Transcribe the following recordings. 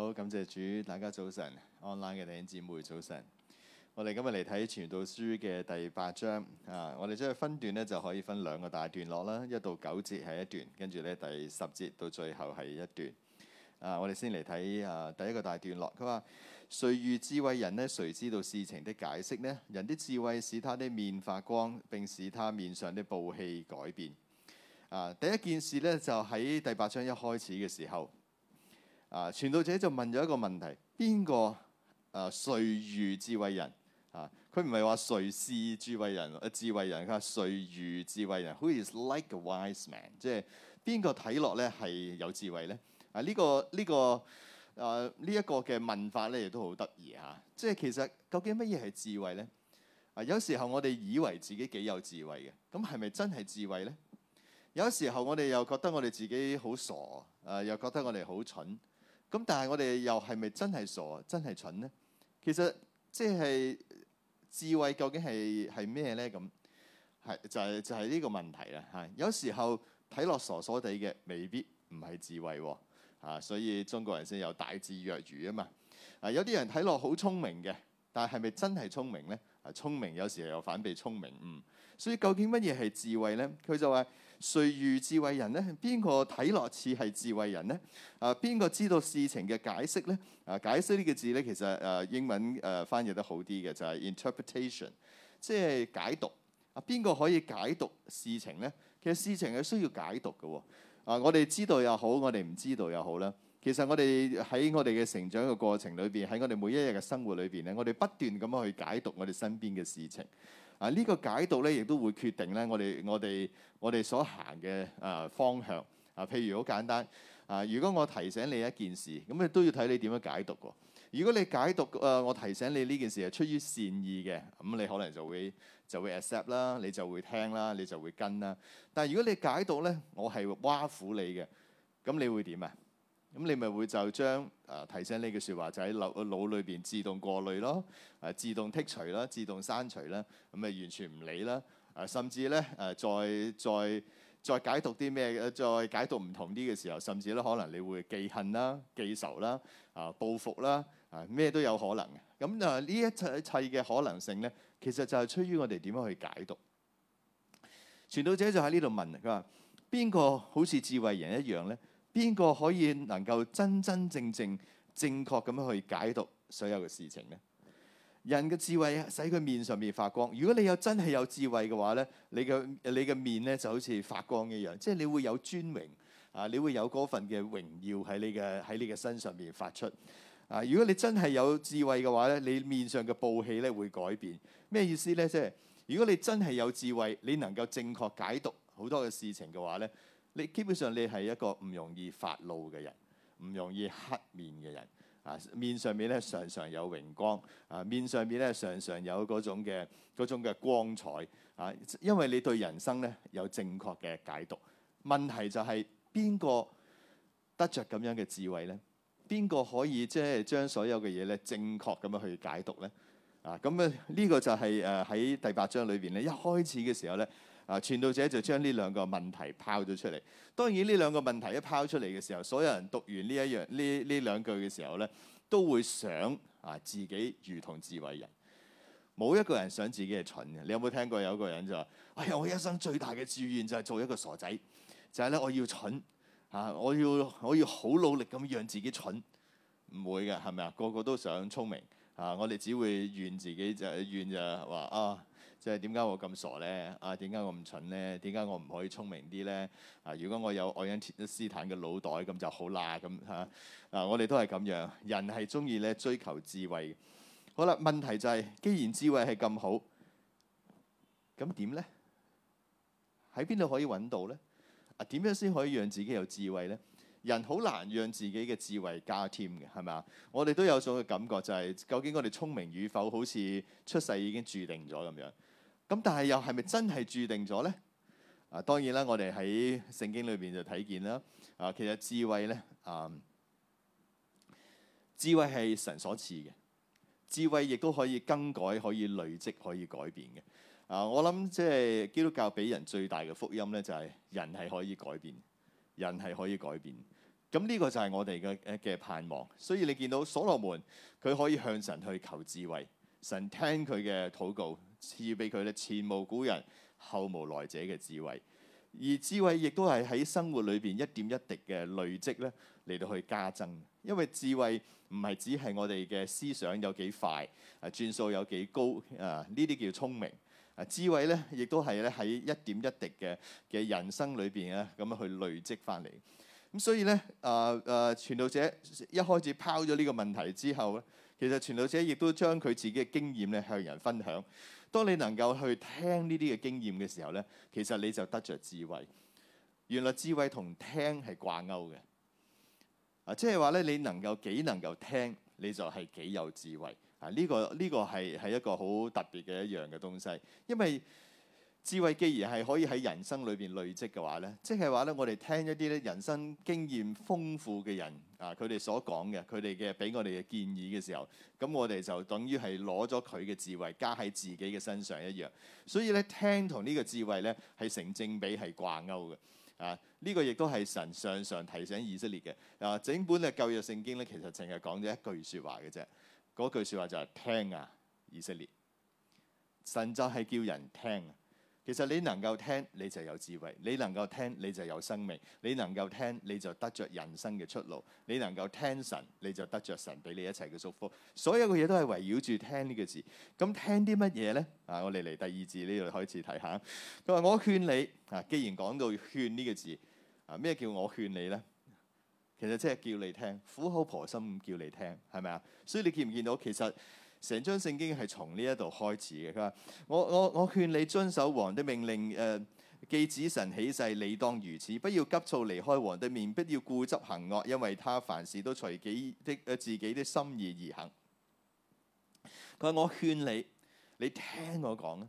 好，感謝主，大家早晨，online 嘅弟兄姊妹早晨。我哋今日嚟睇傳道書嘅第八章啊，我哋將佢分段咧就可以分兩個大段落啦。一到九節係一段，跟住咧第十節到最後係一段。啊，我哋先嚟睇啊，第一個大段落，佢話：誰遇智慧人咧，誰知道事情的解釋呢？人的智慧使他的面發光，並使他面上的暴氣改變。啊，第一件事咧就喺第八章一開始嘅時候。啊！傳道者就問咗一個問題：邊個啊？誰如智慧人啊？佢唔係話誰是智慧人啊？智慧人佢係誰如智慧人？Who is like a wise man？即係邊個睇落咧係有智慧咧？啊！呢個呢個啊呢一個嘅問法咧，亦都好得意嚇。即係其實究竟乜嘢係智慧咧？啊！有時候我哋以為自己幾有智慧嘅，咁係咪真係智慧咧？有時候我哋又覺得我哋自己好傻，啊！又覺得我哋好蠢。咁但係我哋又係咪真係傻、真係蠢咧？其實即係智慧究竟係係咩咧？咁係就係、係、就係、係、呢個問題啦嚇、啊。有時候睇落傻傻地嘅，未必唔係智慧喎、啊啊、所以中國人先有大智若愚啊嘛。啊有啲人睇落好聰明嘅，但係咪真係聰明咧？啊聰明有時又反被聰明誤。嗯。所以究竟乜嘢係智慧咧？佢就話。誰如智慧人咧？邊個睇落似係智慧人咧？啊，邊個知道事情嘅解釋咧？啊，解釋呢個字咧，其實誒英文誒翻譯得好啲嘅就係 interpretation，即係解讀。啊，邊個可以解讀事情咧？其實事情係需要解讀嘅喎。啊，我哋知道又好，我哋唔知道又好啦。其實我哋喺我哋嘅成長嘅過程裏邊，喺我哋每一日嘅生活裏邊咧，我哋不斷咁樣去解讀我哋身邊嘅事情。啊！呢個解讀咧，亦都會決定咧，我哋我哋我哋所行嘅誒方向啊。譬如好簡單啊，如果我提醒你一件事，咁你都要睇你點樣解讀喎。如果你解讀誒，我提醒你呢件事係出於善意嘅，咁你可能就會就會 accept 啦，你就會聽啦，你就會跟啦。但係如果你解讀咧，我係挖苦你嘅，咁你會點啊？咁你咪會就將誒、啊、提醒呢句說話就，就喺腦腦裏邊自動過濾咯，誒、啊、自動剔除啦、啊，自動刪除啦，咁、啊、咪、嗯、完全唔理啦，誒、啊、甚至咧誒、啊、再再再解讀啲咩，嘅，再解讀唔、啊、同啲嘅時候，甚至咧可能你會記恨啦、記仇啦、啊報復啦，啊咩都有可能嘅。咁啊，呢一一切嘅可能性咧，其實就係出於我哋點樣去解讀。傳道者就喺呢度問佢話：邊個好似智慧人一樣咧？邊個可以能夠真真正正正確咁樣去解讀所有嘅事情呢？人嘅智慧使佢面上面發光。如果你有真係有智慧嘅話咧，你嘅你嘅面咧就好似發光一樣，即係你會有尊榮啊！你會有嗰份嘅榮耀喺你嘅喺你嘅身上面發出啊！如果你真係有智慧嘅話咧，你面上嘅暴氣咧會改變。咩意思呢？即係如果你真係有智慧，你能夠正確解讀好多嘅事情嘅話咧。你基本上你係一個唔容易發怒嘅人，唔容易黑面嘅人啊，面上面咧常常有榮光啊，面上面咧常常有嗰種嘅嗰種嘅光彩啊，因為你對人生咧有正確嘅解讀。問題就係邊個得着咁樣嘅智慧咧？邊個可以即係將所有嘅嘢咧正確咁樣去解讀咧？啊，咁啊呢個就係誒喺第八章裏邊咧一開始嘅時候咧。啊！傳道者就將呢兩個問題拋咗出嚟。當然呢兩個問題一拋出嚟嘅時候，所有人讀完呢一樣呢呢兩句嘅時候咧，都會想啊，自己如同智慧人，冇一個人想自己係蠢嘅。你有冇聽過有一個人就話：哎呀，我一生最大嘅志願就係做一個傻仔，就係咧，我要蠢啊！我要我要好努力咁讓自己蠢，唔會嘅，係咪啊？個個都想聰明啊！我哋只會怨自己，就怨就話啊。即係點解我咁傻咧？啊，點解我咁蠢咧？點解我唔可以聰明啲咧？啊，如果我有愛因斯坦嘅腦袋，咁就好啦咁嚇。啊，我哋都係咁樣，人係中意咧追求智慧。好啦，問題就係，既然智慧係咁好，咁點咧？喺邊度可以揾到咧？啊，點樣先可以讓自己有智慧咧？人好難讓自己嘅智慧加添嘅，係咪啊？我哋都有咗個感覺，就係究竟我哋聰明與否，好似出世已經注定咗咁樣。咁但係又係咪真係注定咗咧？啊，當然啦，我哋喺聖經裏邊就睇見啦。啊，其實智慧咧，啊，智慧係神所賜嘅，智慧亦都可以更改、可以累積、可以改變嘅。啊，我諗即係基督教俾人最大嘅福音咧，就係、是、人係可以改變，人係可以改變。咁、啊、呢、這個就係我哋嘅嘅盼望。所以你見到所羅門，佢可以向神去求智慧，神聽佢嘅禱告。賜俾佢咧，前無古人後無來者嘅智慧，而智慧亦都係喺生活裏邊一點一滴嘅累積咧嚟到去加增。因為智慧唔係只係我哋嘅思想有幾快啊，轉數有幾高啊，呢啲叫聰明啊。智慧咧亦都係咧喺一點一滴嘅嘅人生裏邊啊，咁樣去累積翻嚟。咁所以咧啊、啊傳道者一開始拋咗呢個問題之後咧，其實傳道者亦都將佢自己嘅經驗咧向人分享。當你能夠去聽呢啲嘅經驗嘅時候咧，其實你就得着智慧。原來智慧同聽係掛鈎嘅啊，即係話咧，你能夠幾能夠聽，你就係幾有智慧啊！呢個呢個係係一個好特別嘅一樣嘅東西，因為，智慧既然係可以喺人生裏邊累積嘅話咧，即係話咧，我哋聽一啲咧人生經驗豐富嘅人啊，佢哋所講嘅，佢哋嘅俾我哋嘅建議嘅時候，咁我哋就等於係攞咗佢嘅智慧加喺自己嘅身上一樣。所以咧，聽同呢個智慧咧係成正比係掛鈎嘅啊。呢、這個亦都係神常常提醒以色列嘅啊。整本嘅舊約聖經咧，其實淨係講咗一句説話嘅啫。嗰句説話就係、是、聽啊，以色列，神就係叫人聽。其實你能夠聽，你就有智慧；你能夠聽，你就有生命；你能夠聽，你就得着人生嘅出路；你能夠聽神，你就得着神俾你一切嘅祝福。所有嘅嘢都係圍繞住聽呢個字。咁聽啲乜嘢呢？啊，我哋嚟第二節呢度開始睇下。佢話：我勸你啊，既然講到勸呢個字啊，咩叫我勸你呢？其實即係叫你聽，苦口婆心叫你聽，係咪啊？所以你見唔見到其實？成章聖經係從呢一度開始嘅。佢話：我我我勸你遵守王的命令。誒、呃，既指神起誓，你當如此，不要急躁離開王的面，不要固執行惡，因為他凡事都隨己的自己的心意而行。佢話：我勸你，你聽我講啊。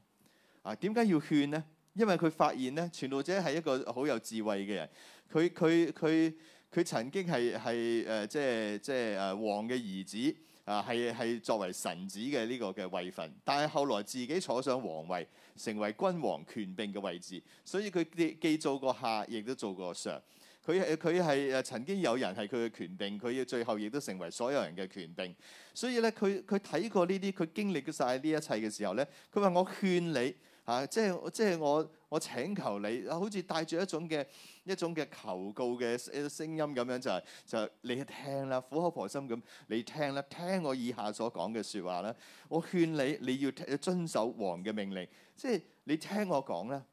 啊，點解要勸呢？因為佢發現咧，傳道者係一個好有智慧嘅人。佢佢佢佢曾經係係誒即係即係誒、呃、王嘅兒子。啊，係係作為神子嘅呢個嘅位份，但係後來自己坐上皇位，成為君王權柄嘅位置，所以佢既既做過下，亦都做過上。佢係佢係誒曾經有人係佢嘅權柄，佢要最後亦都成為所有人嘅權柄。所以咧，佢佢睇過呢啲，佢經歷晒呢一切嘅時候咧，佢話：我勸你嚇，即係即係我我請求你，好似帶住一種嘅。一種嘅求告嘅聲音咁樣，就係就係你聽啦，苦口婆心咁你聽啦，聽我以下所講嘅説話啦。我勸你你要遵守王嘅命令，即係你聽我講啦。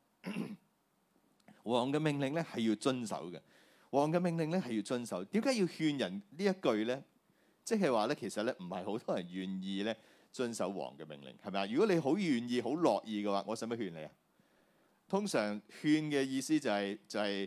王嘅命令咧係要遵守嘅，王嘅命令咧係要遵守。點解要勸人呢一句咧？即係話咧，其實咧唔係好多人願意咧遵守王嘅命令，係咪啊？如果你好願意、好樂意嘅話，我使乜勸你啊？通常勸嘅意思就係就係。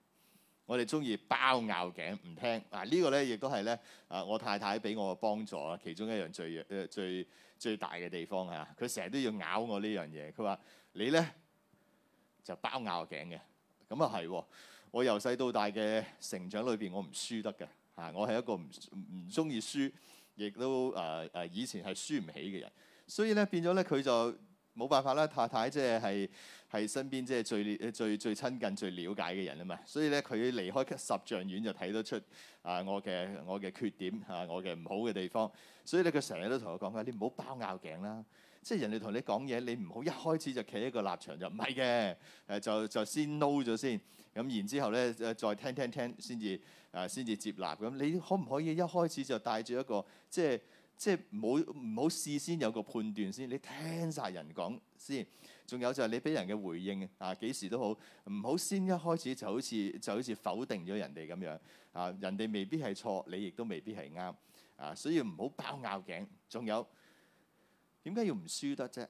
我哋中意包拗頸唔聽，嗱，啊這個、呢個咧亦都係咧啊，我太太俾我嘅幫助啊，其中一樣最誒最最大嘅地方嚇，佢成日都要咬我呢樣嘢。佢話你咧就包拗頸嘅，咁啊係。我由細到大嘅成長裏邊，我唔輸得嘅嚇、啊，我係一個唔唔中意輸，亦都誒誒、呃呃、以前係輸唔起嘅人。所以咧變咗咧，佢就冇辦法啦。太太即係。係身邊即係最最最親近、最了解嘅人啊嘛，所以咧佢離開十丈遠就睇得出啊、呃、我嘅我嘅缺點啊我嘅唔好嘅地方，所以咧佢成日都同我講嘅，你唔好包拗頸啦，即係人哋同你講嘢，你唔好一開始就企喺個立場就唔係嘅，誒就就，就先 know 咗先，咁然之後咧再聽聽聽先至誒先至接納咁，你可唔可以一開始就帶住一個即係即係唔好唔好事先有個判斷先，你聽晒人講先。仲有就係你俾人嘅回應啊，幾時都好，唔好先一開始就好似就好似否定咗人哋咁樣啊，人哋未必係錯，你亦都未必係啱啊，所以唔好爆拗頸。仲有點解要唔輸得啫？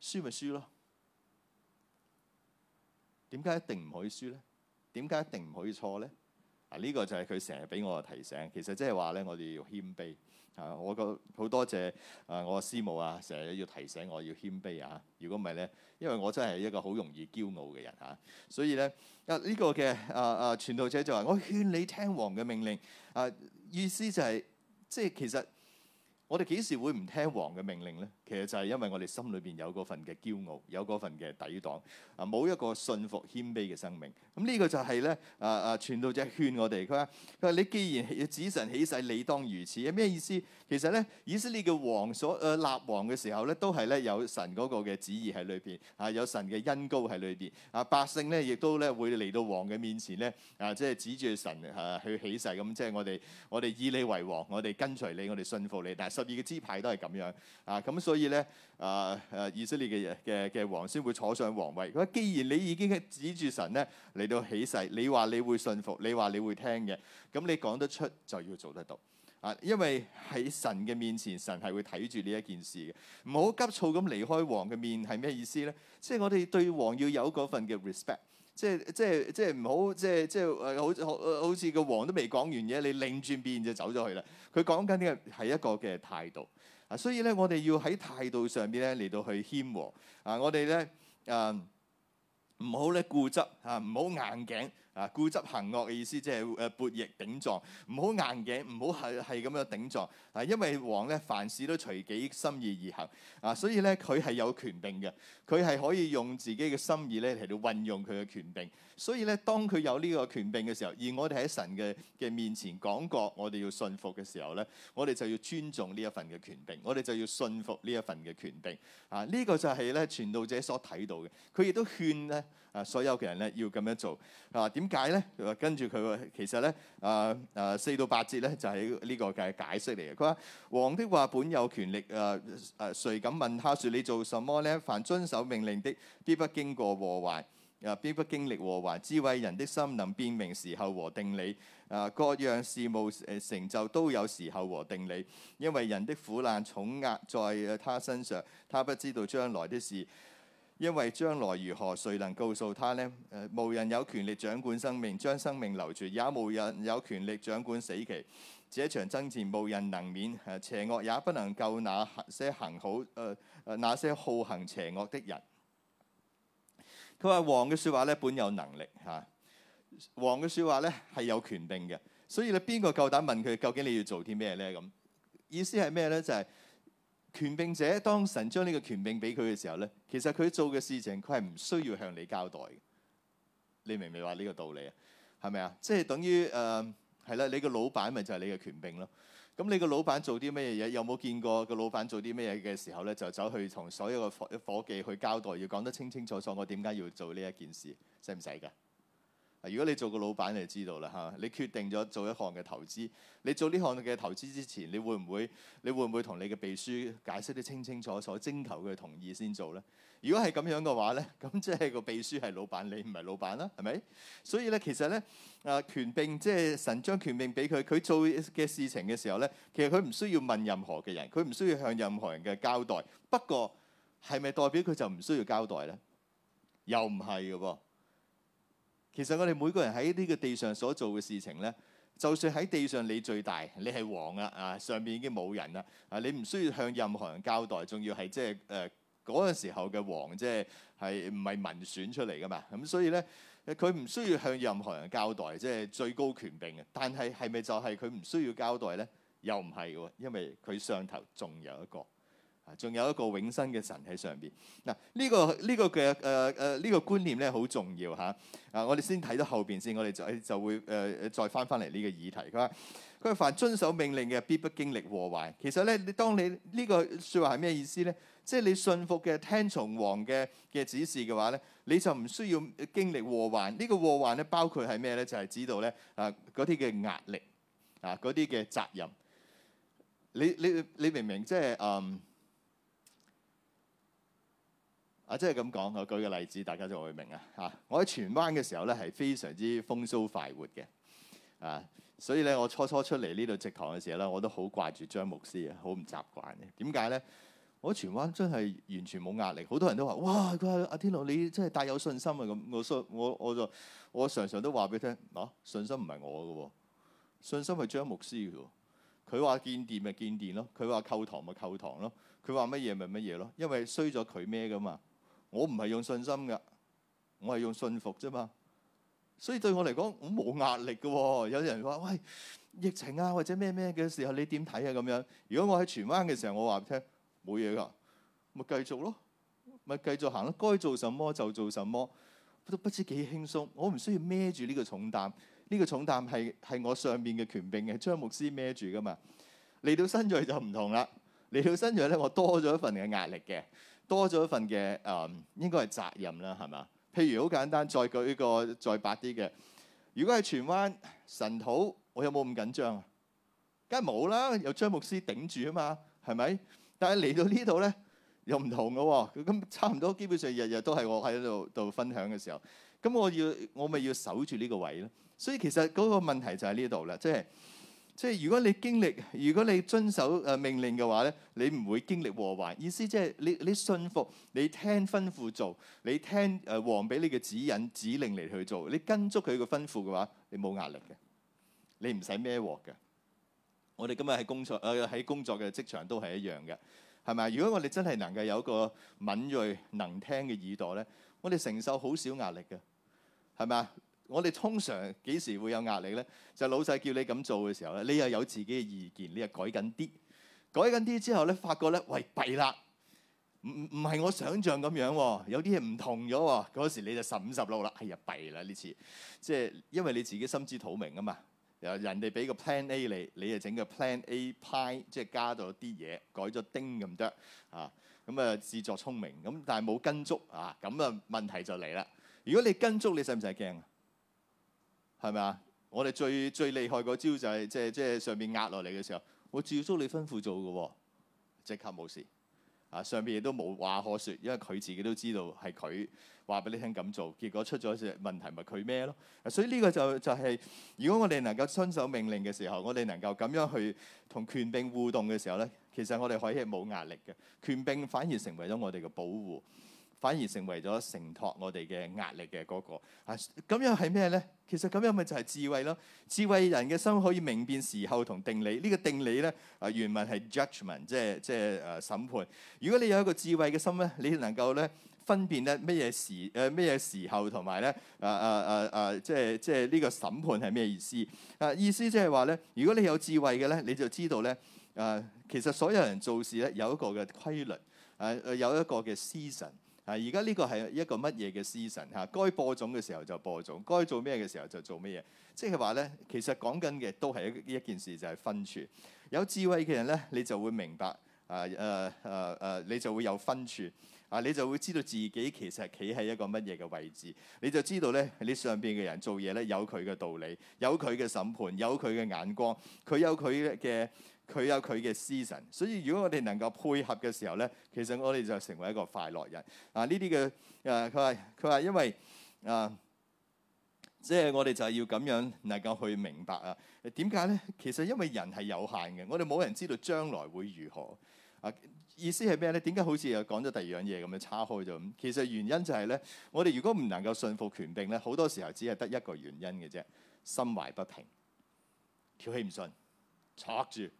輸咪輸咯。點解一定唔可以輸咧？點解一定唔可以錯咧？啊，呢個就係佢成日俾我嘅提醒。其實即係話咧，我哋要謙卑。啊！我覺好多謝啊！我師母啊，成日要提醒我要謙卑啊！如果唔係咧，因為我真係一個好容易驕傲嘅人嚇，所以咧啊呢個嘅啊啊傳道者就話：我勸你聽王嘅命令啊！意思就係，即係其實我哋幾時會唔聽王嘅命令咧？其實就係因為我哋心裏邊有嗰份嘅驕傲，有嗰份嘅抵擋啊！冇一個信服謙卑嘅生命。咁呢個就係咧啊啊！傳道者勸我哋，佢話佢話你既然指神起誓，你當如此，係咩意思？其實咧，以色列嘅王所誒立王嘅時候咧，都係咧有神嗰個嘅旨意喺裏邊啊，有神嘅恩膏喺裏邊啊，百姓咧亦都咧會嚟到王嘅面前咧啊，即係指住神去起誓，咁即係我哋我哋以你為王，Fa、iles 我哋跟隨你，我哋信服你。但係十二嘅支派都係咁樣啊，咁所以。polynom 所以咧，啊，誒、啊，以色列嘅嘅嘅王先會坐上皇位。佢話既然你已經指住神咧嚟到起誓，你話你會信服，你話你會聽嘅，咁你講得出就要做得到。啊，因為喺神嘅面前，神係會睇住呢一件事嘅。唔好急躁咁離開王嘅面係咩意思咧？即係我哋對王要有嗰份嘅 respect。即係即係即係即係唔好即係即係誒好好似個王都未講完嘢，你擰轉面就走咗去啦。佢講緊呢個係一個嘅態度。啊，所以咧，我哋要喺態度上邊咧嚟到去謙和啊，我哋咧誒唔好咧固執嚇，唔好硬頸啊，固執行惡嘅意思即係誒悖逆頂撞，唔好硬頸，唔好係係咁樣頂撞啊，因為王咧凡事都隨己心意而行啊，所以咧佢係有權柄嘅，佢係可以用自己嘅心意咧嚟到運用佢嘅權柄。所以咧，當佢有呢個權柄嘅時候，而我哋喺神嘅嘅面前講過，我哋要信服嘅時候咧，我哋就要尊重呢一份嘅權柄，我哋就要信服呢一份嘅權柄。啊，呢、這個就係咧傳道者所睇到嘅，佢亦都勸咧啊所有嘅人咧要咁樣做。啊，點解咧？佢話跟住佢話其實咧啊啊四到八節咧就係、是、呢個嘅解釋嚟嘅。佢話王的話本有權力啊啊，誰敢問他？說你做什麼咧？凡遵守命令的，必不經過禍壞。啊，必不經歷禍患，智慧人的心能辨明時候和定理。啊，各樣事務成就都有時候和定理，因為人的苦難重壓在他身上，他不知道將來的事，因為將來如何，誰能告訴他呢？誒，無人有權力掌管生命，將生命留住，也無人有權力掌管死期。這場爭戰無人能免，邪惡也不能救那些行好誒誒那些好行邪惡的人。佢話王嘅説話咧本有能力嚇，啊，王嘅説話咧係有權柄嘅，所以你邊個夠膽問佢究竟你要做啲咩咧？咁意思係咩咧？就係、係、權柄者當神將呢個權柄俾佢嘅時候咧，其實佢做嘅事情佢係唔需要向你交代嘅。你明唔明話呢個道理啊？係咪啊？即係等於誒、係、呃、啦，你個老闆咪就係你嘅權柄咯。咁你個老闆做啲咩嘢？有冇見過個老闆做啲咩嘢嘅時候呢？就走去同所有嘅伙夥計去交代，要講得清清楚楚，我點解要做呢一件事，使唔使㗎？如果你做個老闆，你就知道啦嚇、啊，你決定咗做一項嘅投資，你做呢項嘅投資之前，你會唔會你會唔會同你嘅秘書解釋得清清楚楚，徵求佢同意先做咧？如果係咁樣嘅話咧，咁即係個秘書係老闆，你唔係老闆啦，係咪？所以咧，其實咧，啊權柄即係神將權柄俾佢，佢做嘅事情嘅時候咧，其實佢唔需要問任何嘅人，佢唔需要向任何人嘅交代。不過係咪代表佢就唔需要交代咧？又唔係嘅噃。其實我哋每個人喺呢個地上所做嘅事情咧，就算喺地上你最大，你係王啊啊，上面已經冇人啦啊，你唔需要向任何人交代，仲要係即係誒嗰陣時候嘅王，即係係唔係民選出嚟噶嘛？咁所以咧，佢唔需要向任何人交代，即係最高權柄啊。但係係咪就係佢唔需要交代咧？又唔係喎，因為佢上頭仲有一個。仲有一個永生嘅神喺上邊嗱，呢個呢個嘅誒誒呢個觀念咧好重要嚇。啊，我哋先睇到後邊先，我哋就就會誒再翻翻嚟呢個議題。佢話：佢話凡遵守命令嘅，必不經歷禍患。其實咧，你當你呢個説話係咩意思咧？即係你信服嘅、聽從王嘅嘅指示嘅話咧，你就唔需要經歷禍患。呢個禍患咧，包括係咩咧？就係知道咧啊嗰啲嘅壓力啊嗰啲嘅責任。你你你，你明明即係嗯。啊，即係咁講，我舉個例子，大家就會明啊！嚇，我喺荃灣嘅時候咧，係非常之風騷快活嘅，啊，所以咧，我初初出嚟呢度植堂嘅時候咧，我都好掛住張牧師啊，好唔習慣嘅。點解咧？我喺荃灣真係完全冇壓力，好多人都話：哇，阿、啊、阿天龍你真係帶有信心啊！咁我我我就我常常都話俾你聽，啊，信心唔係我嘅喎，信心係張牧師嘅喎。佢話見電咪見電咯，佢話扣堂咪扣堂咯，佢話乜嘢咪乜嘢咯，因為衰咗佢咩嘅嘛。我唔係用信心噶，我係用信服啫嘛。所以對我嚟講我冇壓力噶喎。有啲人話：喂，疫情啊，或者咩咩嘅時候，你點睇啊？咁樣。如果我喺荃灣嘅時候，我話俾你聽，冇嘢噶，咪繼續咯，咪繼續行咯。該做什麼就做什麼，都不知幾輕鬆。我唔需要孭住呢個重擔，呢個重擔係係我上面嘅權柄，嘅。張牧師孭住噶嘛。嚟到新界就唔同啦，嚟到新界咧，我多咗一份嘅壓力嘅。多咗一份嘅誒、嗯，應該係責任啦，係嘛？譬如好簡單，再舉呢個再白啲嘅，如果係荃灣神土，我有冇咁緊張啊？梗係冇啦，有張牧師頂住啊嘛，係咪？但係嚟到呢度咧，又唔同噶喎、哦。咁差唔多，基本上日日都係我喺度度分享嘅時候，咁我要我咪要守住呢個位囉。所以其實嗰個問題就喺呢度啦，即係。即係如果你經歷，如果你遵守誒命令嘅話咧，你唔會經歷禍患。意思即係你你信服，你聽吩咐做，你聽誒王俾你嘅指引指令嚟去做，你跟足佢嘅吩咐嘅話，你冇壓力嘅，你唔使孭鑊嘅。我哋今日喺工作誒喺工作嘅職場都係一樣嘅，係咪啊？如果我哋真係能夠有一個敏鋭能聽嘅耳朵咧，我哋承受好少壓力嘅，係咪啊？我哋通常幾時會有壓力咧？就係、老細叫你咁做嘅時候咧，你又有自己嘅意見，你又改緊啲，改緊啲之後咧，發覺咧，喂，弊啦！唔唔係我想象咁樣喎，有啲嘢唔同咗喎。嗰時你就十五十六啦，哎呀，弊啦呢次，即係因為你自己心知肚明啊嘛。人哋俾個 plan A 你，你就整個 plan A 派，即係加咗啲嘢，改咗丁咁多啊。咁、嗯、啊自作聰明咁，但係冇跟足啊，咁啊問題就嚟啦。如果你跟足，你使唔使驚？係咪啊？我哋最最厲害嗰招就係即係即係上面壓落嚟嘅時候，我照足你吩咐做嘅、哦，即刻冇事。啊，上邊亦都冇話可説，因為佢自己都知道係佢話俾你聽咁做，結果出咗隻問題咪佢孭咯。所以呢個就係、就係、係、如果我哋能夠遵守命令嘅時候，我哋能夠咁樣去同權柄互動嘅時候咧，其實我哋可以係冇壓力嘅，權柄反而成為咗我哋嘅保護。反而成為咗承托我哋嘅壓力嘅嗰個啊，咁樣係咩咧？其實咁樣咪就係智慧咯。智慧人嘅心可以明辨時候同定理。呢個定理咧啊，原文係 judgment，即係即係誒審判。如果你有一個智慧嘅心咧，你能夠咧分辨咧咩嘢時誒咩嘢時候同埋咧啊啊啊啊！即係即係呢個審判係咩意思啊？意思即係話咧，如果你有智慧嘅咧，你就知道咧啊，其實所有人做事咧有一個嘅規律啊，有一個嘅 season。啊！而家呢個係一個乜嘢嘅 season 吓？該播種嘅時候就播種，該做咩嘅時候就做咩嘢。即係話咧，其實講緊嘅都係一一件事，就係、是、分寸。有智慧嘅人咧，你就會明白。啊、呃！誒誒誒你就會有分寸。啊！你就會知道自己其實企喺一個乜嘢嘅位置，你就知道咧，你上邊嘅人做嘢咧，有佢嘅道理，有佢嘅審判，有佢嘅眼光，佢有佢嘅佢有佢嘅思想。所以如果我哋能夠配合嘅時候咧，其實我哋就成為一個快樂人。啊！呢啲嘅誒，佢話佢話，因為啊，即係我哋就係要咁樣能夠去明白啊。點解咧？其實因為人係有限嘅，我哋冇人知道將來會如何啊。意思係咩呢？點解好似又講咗第二樣嘢咁樣叉開咗咁？其實原因就係呢：我哋如果唔能夠信服權柄呢，好多時候只係得一個原因嘅啫，心懷不平，條氣唔順，錯住，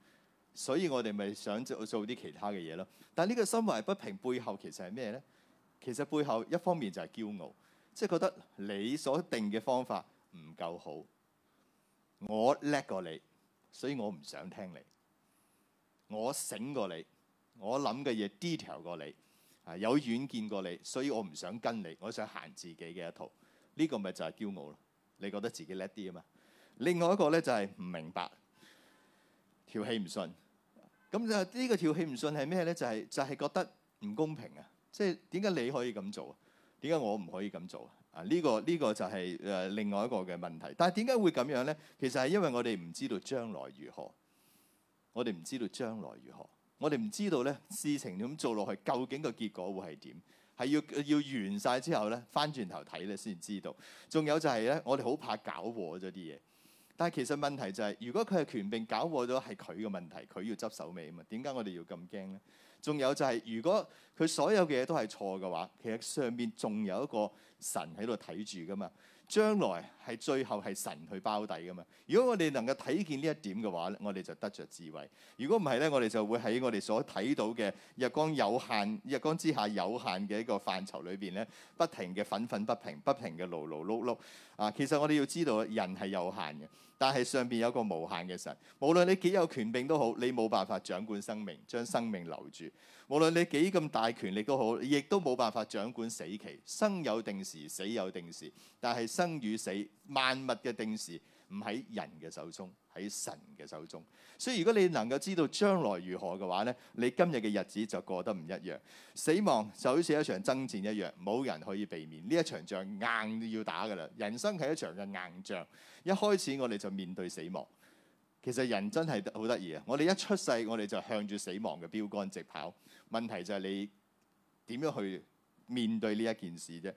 所以我哋咪想做啲其他嘅嘢咯。但係呢個心懷不平背後其實係咩呢？其實背後一方面就係驕傲，即係覺得你所定嘅方法唔夠好，我叻過你，所以我唔想聽你，我醒過你。我諗嘅嘢 detail 過你，啊有遠見過你，所以我唔想跟你，我想行自己嘅一套。呢個咪就係驕傲咯。你覺得自己叻啲啊嘛？另外一個咧就係唔明白，條氣唔順。咁就呢個條氣唔順係咩咧？就係就係覺得唔公平啊！即係點解你可以咁做？點解我唔可以咁做啊？啊呢個呢個就係誒另外一個嘅問題。但係點解會咁樣咧？其實係因為我哋唔知道將來如何，我哋唔知道將來如何。我哋唔知道咧，事情咁做落去，究竟個結果會係點？係要要完晒之後咧，翻轉頭睇咧先知道。仲有就係咧，我哋好怕搞錯咗啲嘢。但係其實問題就係、是，如果佢係權柄搞錯咗，係佢嘅問題，佢要執手尾啊嘛。點解我哋要咁驚咧？仲有就係、是，如果佢所有嘅嘢都係錯嘅話，其實上面仲有一個神喺度睇住㗎嘛。將來係最後係神去包底㗎嘛？如果我哋能夠睇見呢一點嘅話咧，我哋就得着智慧；如果唔係咧，我哋就會喺我哋所睇到嘅日光有限、日光之下有限嘅一個範疇裏邊咧，不停嘅憤憤不平、不停嘅勞勞碌碌。啊，其實我哋要知道，人係有限嘅。但係上邊有個無限嘅神，無論你幾有權柄都好，你冇辦法掌管生命，將生命留住。無論你幾咁大權力都好，亦都冇辦法掌管死期。生有定時，死有定時。但係生與死，萬物嘅定時，唔喺人嘅手中，喺神嘅手中。所以如果你能夠知道將來如何嘅話咧，你今日嘅日子就過得唔一樣。死亡就好似一場爭戰一樣，冇人可以避免呢一場仗硬要打噶啦。人生係一場嘅硬仗，一開始我哋就面對死亡。其實人真係好得意啊！我哋一出世，我哋就向住死亡嘅標杆直跑。問題就係你點樣去面對呢一件事啫？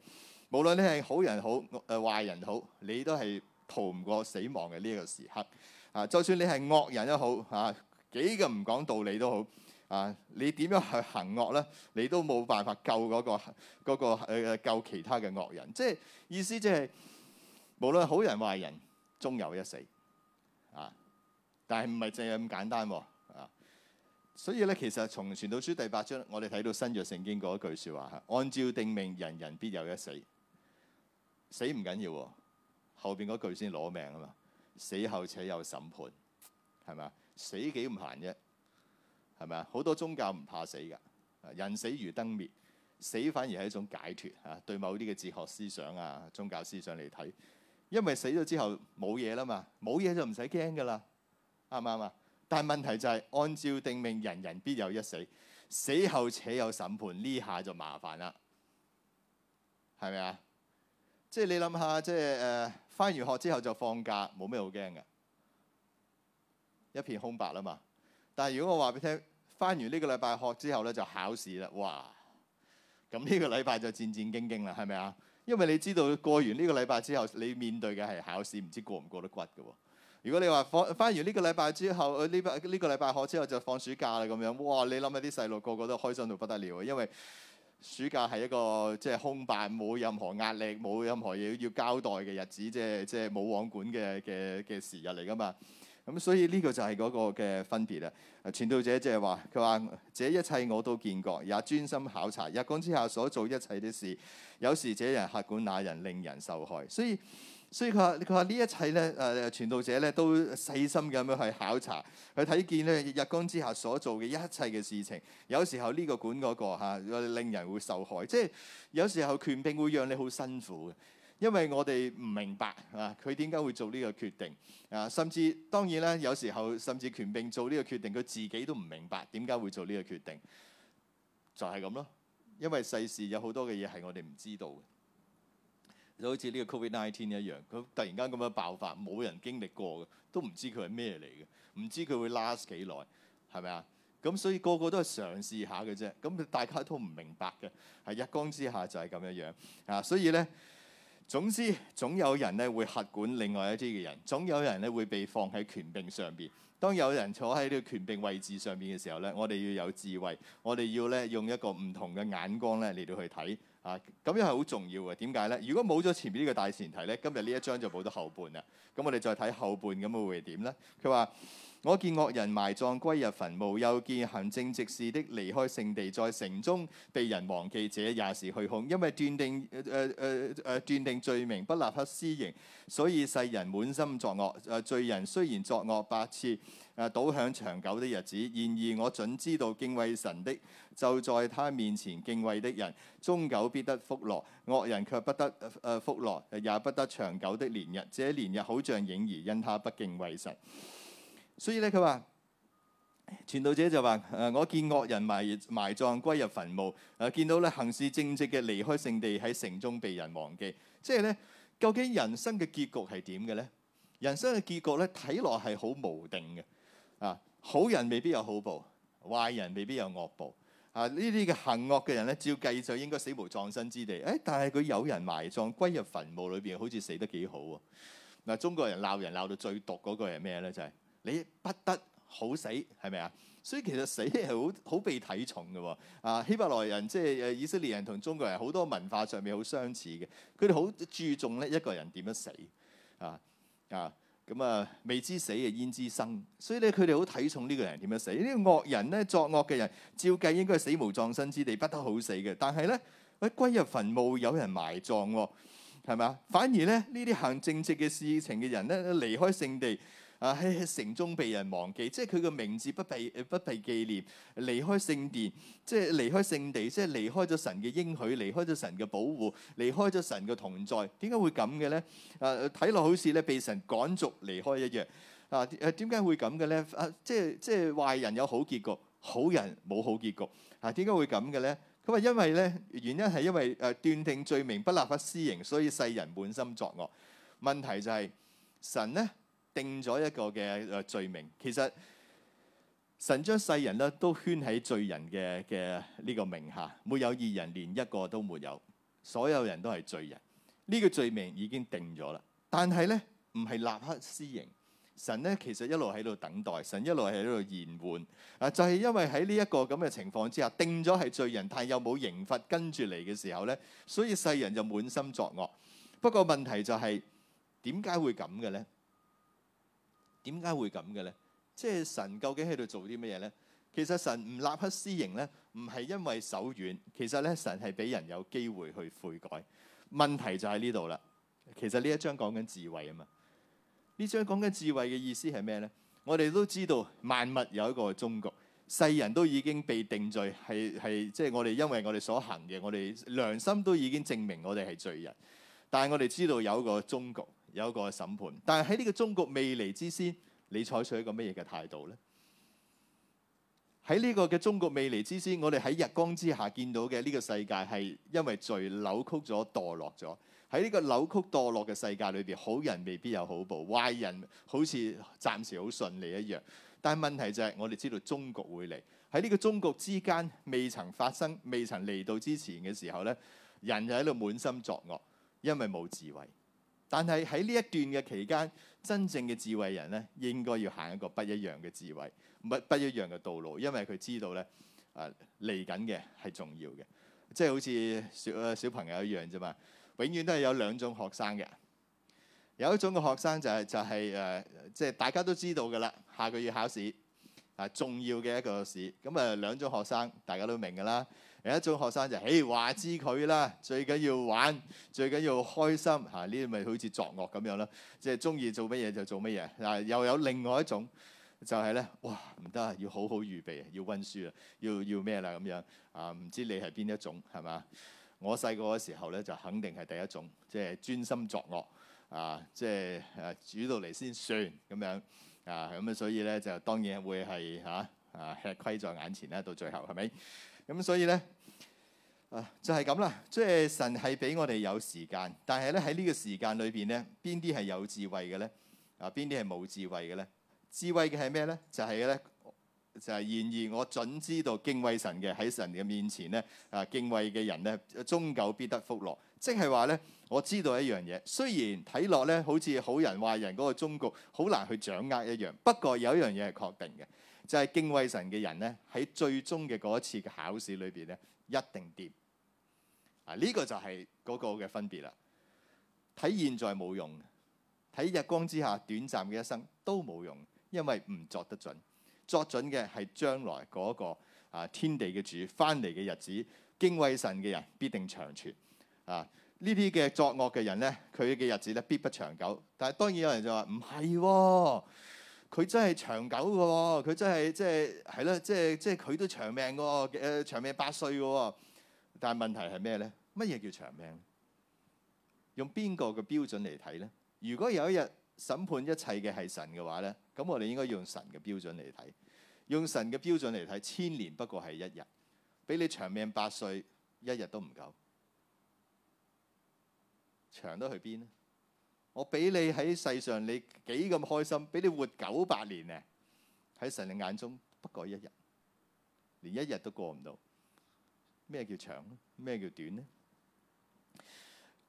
無論你係好人好誒，壞人好，你都係。逃唔過死亡嘅呢一個時刻啊！就算你係惡人都好啊，幾個唔講道理都好啊，你點樣去行惡咧？你都冇辦法救嗰、嗰個、嗰個誒誒、呃、救其他嘅惡人。即係意思即、就、係、是，無論好人壞人，終有一死啊！但係唔係淨係咁簡單啊！啊所以咧，其實從《傳道書》第八章，我哋睇到新約聖經嗰一句說話、啊，按照定命，人人必有一死。死唔緊要、啊。後邊嗰句先攞命啊嘛，死後且有審判，係咪？死幾唔煩啫，係咪啊？好多宗教唔怕死噶，人死如燈滅，死反而係一種解脱嚇。對某啲嘅哲學思想啊、宗教思想嚟睇，因為死咗之後冇嘢啦嘛，冇嘢就唔使驚噶啦，啱唔啱啊？但係問題就係，按照定命，人人必有一死，死後且有審判，呢下就麻煩啦，係咪啊？即係你諗下，即係誒。呃翻完學之後就放假，冇咩好驚嘅，一片空白啦嘛。但係如果我話俾你聽，翻完呢個禮拜學之後咧就考試啦，哇！咁呢個禮拜就戰戰兢兢啦，係咪啊？因為你知道過完呢個禮拜之後，你面對嘅係考試，唔知過唔過得骨嘅喎。如果你話放翻完呢個禮拜之後，呢個呢個禮拜學之後就放暑假啦，咁樣哇！你諗下啲細路個個都開心到不得了啊，因為～暑假係一個即係空白，冇任何壓力，冇任何嘢要交代嘅日子，即係即係冇網管嘅嘅嘅時日嚟噶嘛。咁、嗯、所以呢個就係嗰個嘅分別啦。傳道者即係話：佢話這一切我都見過，也專心考察日光之下所做一切的事，有時這人轄管那人，令人受害。所以所以佢話：佢話呢一切咧，誒、啊、傳道者咧都細心咁樣去考察，去睇見咧日光之下所做嘅一切嘅事情。有時候呢個管嗰、嗰個、啊、令人會受害。即係有時候權柄會讓你好辛苦嘅，因為我哋唔明白啊，佢點解會做呢個決定啊？甚至當然啦，有時候甚至權柄做呢個決定，佢自己都唔明白點解會做呢個決定，就係、是、咁咯。因為世事有好多嘅嘢係我哋唔知道嘅。就好似呢個 Covid Nineteen 一樣，佢突然間咁樣爆發，冇人經歷過嘅，都唔知佢係咩嚟嘅，唔知佢會 last 幾耐，係咪啊？咁所以個個都係嘗試下嘅啫，咁大家都唔明白嘅，係日光之下就係咁樣樣啊！所以咧，總之總有人咧會轄管另外一啲嘅人，總有人咧會被放喺權柄上邊。當有人坐喺呢個權柄位置上邊嘅時候咧，我哋要有智慧，我哋要咧用一個唔同嘅眼光咧嚟到去睇。啊，咁樣係好重要嘅。點解咧？如果冇咗前面呢個大前提咧，今日呢一章就冇咗後半啦。咁我哋再睇後半會，咁會點咧？佢話。我見惡人埋葬歸入墳墓，又見行政直事的離開聖地，在城中被人忘記者，這也是虛空，因為斷定誒誒誒誒斷定罪名，不立刻施刑，所以世人滿心作惡。誒、呃、罪人雖然作惡百次，誒、呃、倒享長久的日子。然而我準知道敬畏神的，就在他面前敬畏的人，終久必得福樂。惡人卻不得誒福樂，也不得長久的年日。這年日好像影兒，因他不敬畏神。所以咧，佢話傳道者就話：誒，我見惡人埋葬埋葬歸入墳墓，誒、啊，見到咧行事正直嘅離開聖地，喺城中被人忘記。即係咧，究竟人生嘅結局係點嘅咧？人生嘅結局咧，睇落係好無定嘅。啊，好人未必有好報，壞人未必有惡報。啊，呢啲嘅行惡嘅人咧，照計就應該死無葬身之地。誒、哎，但係佢有人埋葬歸入墳墓裏邊，好似死得幾好喎、啊。嗱、啊，中國人鬧人鬧到最毒嗰個係咩咧？就係、是。你不得好死，係咪啊？所以其實死係好好被睇重嘅喎。啊，希伯來人即係、就是、以色列人同中國人好多文化上面好相似嘅。佢哋好注重咧一個人點樣死啊啊！咁啊，啊，未知死嘅焉知生？所以咧，佢哋好睇重呢個人點樣死。呢啲惡人咧作惡嘅人，照計應該係死無葬身之地，不得好死嘅。但係咧，喺歸入墳墓，有人埋葬喎，啊，係咪啊？反而咧呢啲行正直嘅事情嘅人咧，離開聖地。啊！喺城中被人忘記，即係佢個名字不被不被紀念，離開聖殿，即係離開聖地，即係離開咗神嘅應許，離開咗神嘅保護，離開咗神嘅同在。點解會咁嘅咧？誒，睇落好似咧被神趕逐離開一樣。啊，誒，點解會咁嘅咧？啊，即係即係壞人有好結局，好人冇好結局。啊，點解會咁嘅咧？佢話因為咧，原因係因為誒，斷定罪名不立法私刑，所以世人滿心作惡。問題就係神咧。定咗一個嘅罪名，其實神將世人咧都圈喺罪人嘅嘅呢個名下，沒有義人，連一個都沒有。所有人都係罪人，呢個罪名已經定咗啦。但係咧唔係立刻施刑，神咧其實一路喺度等待，神一路喺度延緩啊。就係因為喺呢一個咁嘅情況之下，定咗係罪人，但係又冇刑罰跟住嚟嘅時候咧，所以世人就滿心作惡。不過問題就係點解會咁嘅咧？點解會咁嘅咧？即係神究竟喺度做啲乜嘢咧？其實神唔立刻施刑咧，唔係因為手軟，其實咧，神係俾人有機會去悔改。問題就喺呢度啦。其實呢一章講緊智慧啊嘛。呢章講緊智慧嘅意思係咩咧？我哋都知道萬物有一個終局，世人都已經被定罪，係係即係我哋因為我哋所行嘅，我哋良心都已經證明我哋係罪人。但係我哋知道有一個終局。有一個審判，但係喺呢個終局未嚟之先，你採取一個乜嘢嘅態度呢？喺呢個嘅終局未嚟之先，我哋喺日光之下見到嘅呢個世界係因為罪扭曲咗、墮落咗。喺呢個扭曲墮落嘅世界裏邊，好人未必有好報，壞人好似暫時好順利一樣。但係問題就係，我哋知道終局會嚟，喺呢個終局之間未曾發生、未曾嚟到之前嘅時候呢，人就喺度滿心作惡，因為冇智慧。但係喺呢一段嘅期間，真正嘅智慧人咧，應該要行一個不一樣嘅智慧，不不一樣嘅道路，因為佢知道咧，誒嚟緊嘅係重要嘅，即係好似小小朋友一樣啫嘛。永遠都係有兩種學生嘅，有一種嘅學生就係、就係、誒，即係大家都知道㗎喇，下個月考試啊，重要嘅一個試。咁啊，兩種學生，大家都明㗎喇。有一種學生就誒話知佢啦，最緊要玩，最緊要開心嚇。呢啲咪好似作惡咁樣啦，啊，即係中意做乜嘢就做乜嘢。嗱、啊、又有另外一種就係、係、咧，哇唔得啊，要好好預備，要温書啊，要要咩啦咁樣啊，唔知你係邊一種係嘛？我細個嗰時候咧就肯定係第一種，即、就、係、係、專心作惡啊，即係誒煮到嚟先算咁樣啊。咁啊，所以咧就當然會係嚇啊吃虧、啊、在眼前啦，到最後係咪？咁、嗯、所以咧，啊，就係咁啦。即、就、係、是、神係俾我哋有時間，但係咧，喺呢個時間裏邊咧，邊啲係有智慧嘅咧？啊，邊啲係冇智慧嘅咧？智慧嘅係咩咧？就係、是、咧，就係、是、然而我準知道敬畏神嘅喺神嘅面前咧，啊，敬畏嘅人咧，終久必得福樂。即係話咧，我知道一樣嘢，雖然睇落咧好似好人壞人嗰個終局好難去掌握一樣，不過有一樣嘢係確定嘅。就係敬畏神嘅人咧，喺最終嘅嗰一次嘅考試裏邊咧，一定掂。啊，呢個就係嗰個嘅分別啦。睇現在冇用，睇日光之下短暫嘅一生都冇用，因為唔作得準。作準嘅係將來嗰個啊天地嘅主返嚟嘅日子，敬畏神嘅人必定長存。啊，呢啲嘅作惡嘅人咧，佢嘅日子咧必不長久。但係當然有人就話唔係喎。佢真係長久嘅喎，哦，佢真係即係係咯，即係即係佢都長命嘅，誒長命百歲嘅喎。但係問題係咩咧？乜嘢叫長命？用邊個嘅標準嚟睇咧？如果有一日審判一切嘅係神嘅話咧，咁我哋應該用神嘅標準嚟睇。用神嘅標準嚟睇，千年不過係一日，比你長命百歲一日都唔夠，長得去邊呢？我俾你喺世上，你幾咁開心？俾你活九百年呢？喺神你眼中不過一日，連一日都過唔到。咩叫長，咩叫短呢？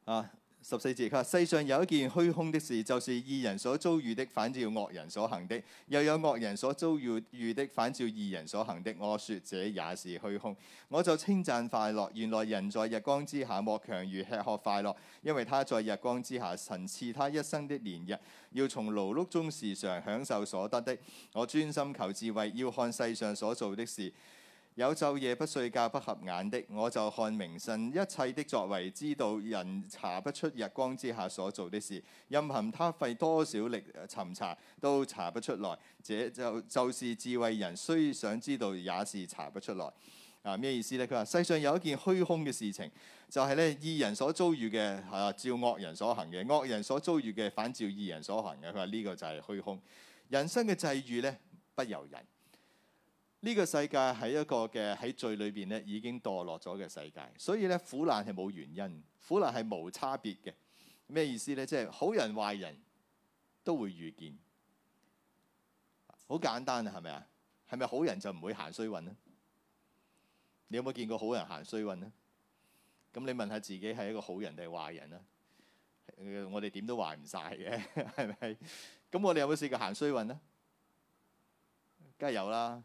啊！十四節佢話：世上有一件虛空的事，就是義人所遭遇的反照惡人所行的，又有惡人所遭遇遇的反照義人所行的。我說這也是虛空。我就稱讚快樂。原來人在日光之下莫強如吃喝快樂，因為他在日光之下神賜他一生的年日，要從勞碌中時常享受所得的。我專心求智慧，要看世上所做的事。有晝夜不睡覺不合眼的，我就看明神一切的作為，知道人查不出日光之下所做的事。任憑他費多少力尋查，都查不出來。這就就是智慧人雖想知道，也是查不出來啊，咩意思咧？佢話世上有一件虛空嘅事情，就係咧，義人所遭遇嘅啊照惡人所行嘅，惡人所遭遇嘅反照義人所行嘅。佢話呢個就係虛空。人生嘅際遇咧，不由人。呢個世界係一個嘅喺罪裏邊咧已經墮落咗嘅世界，所以咧苦難係冇原因，苦難係冇差別嘅。咩意思咧？即係好人壞人都會遇見，好簡單啊，係咪啊？係咪好人就唔會行衰運咧？你有冇見過好人行衰運咧？咁你問下自己係一個好人定係壞人啦？我哋點都壞唔晒嘅，係咪？咁我哋有冇試過行衰運咧？梗係有啦。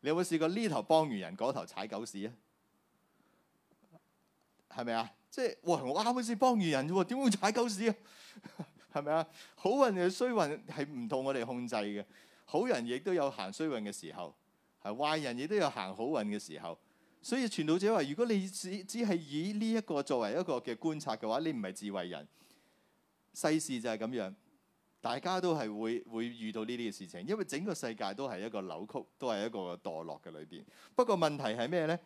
你有冇試過呢頭幫完人，嗰頭踩狗屎啊？係咪啊？即係哇！我啱啱先幫完人啫喎，點會踩狗屎啊？係咪啊？好運嘅衰運係唔到我哋控制嘅。好人亦都有行衰運嘅時候，係壞人亦都有行好運嘅時候。所以傳道者話：如果你只只係以呢一個作為一個嘅觀察嘅話，你唔係智慧人。世事就係咁樣。大家都係會會遇到呢啲嘅事情，因為整個世界都係一個扭曲，都係一個墮落嘅裏邊。不過問題係咩咧？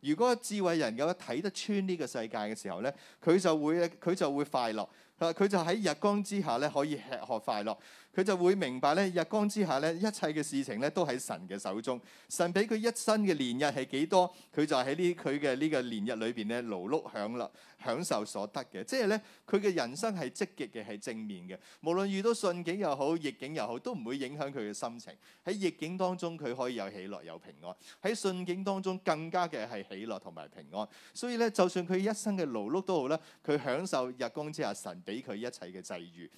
如果智慧人咁睇得穿呢個世界嘅時候咧，佢就會佢就會快樂，佢就喺日光之下咧可以吃喝快樂。佢就會明白咧，日光之下咧，一切嘅事情咧都喺神嘅手中。神俾佢一生嘅年日係幾多，佢就喺呢佢嘅呢個年日裏邊咧勞碌享樂，享受所得嘅。即係咧，佢嘅人生係積極嘅，係正面嘅。無論遇到順境又好，逆境又好，都唔會影響佢嘅心情。喺逆境當中，佢可以有喜樂，有平安；喺順境當中，更加嘅係喜樂同埋平安。所以咧，就算佢一生嘅勞碌都好啦，佢享受日光之下神俾佢一切嘅際遇。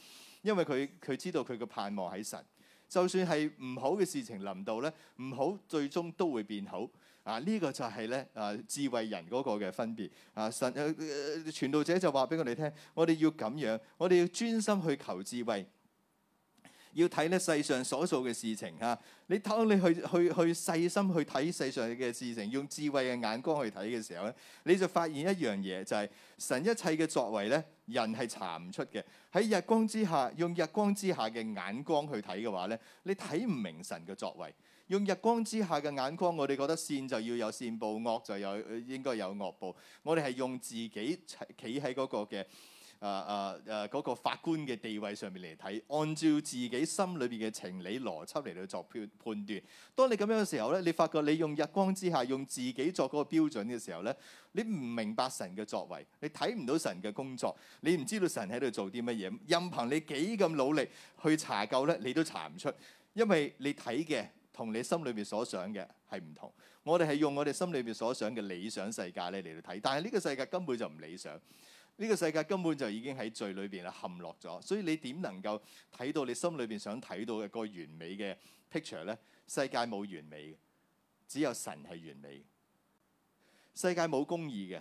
因為佢佢知道佢嘅盼望喺神，就算係唔好嘅事情臨到咧，唔好最終都會變好。啊，呢、這個就係、是、咧啊智慧人嗰個嘅分別。啊神誒傳、啊、道者就話俾我哋聽，我哋要咁樣，我哋要專心去求智慧。要睇咧世上所做嘅事情吓，你睇，你去去去細心去睇世上嘅事情，用智慧嘅眼光去睇嘅時候咧，你就發現一樣嘢，就係神一切嘅作為咧，人係查唔出嘅。喺日光之下，用日光之下嘅眼光去睇嘅話咧，你睇唔明神嘅作為。用日光之下嘅眼光，我哋覺得善就要有善報，惡就有應該有惡報。我哋係用自己企喺嗰個嘅。誒誒誒，嗰個、啊啊啊、法官嘅地位上面嚟睇，按照自己心裏邊嘅情理邏輯嚟到作判判斷。當你咁樣嘅時候咧，你發覺你用日光之下，用自己作嗰個標準嘅時候咧，你唔明白神嘅作為，你睇唔到神嘅工作，你唔知道神喺度做啲乜嘢。任憑你幾咁努力去查究咧，你都查唔出，因為你睇嘅同你心裏邊所想嘅係唔同。我哋係用我哋心裏邊所想嘅理想世界咧嚟到睇，但係呢個世界根本就唔理想。呢個世界根本就已經喺罪裏邊啊陷落咗，所以你點能夠睇到你心裏邊想睇到嘅嗰個完美嘅 picture 咧？世界冇完美嘅，只有神係完美嘅。世界冇公義嘅，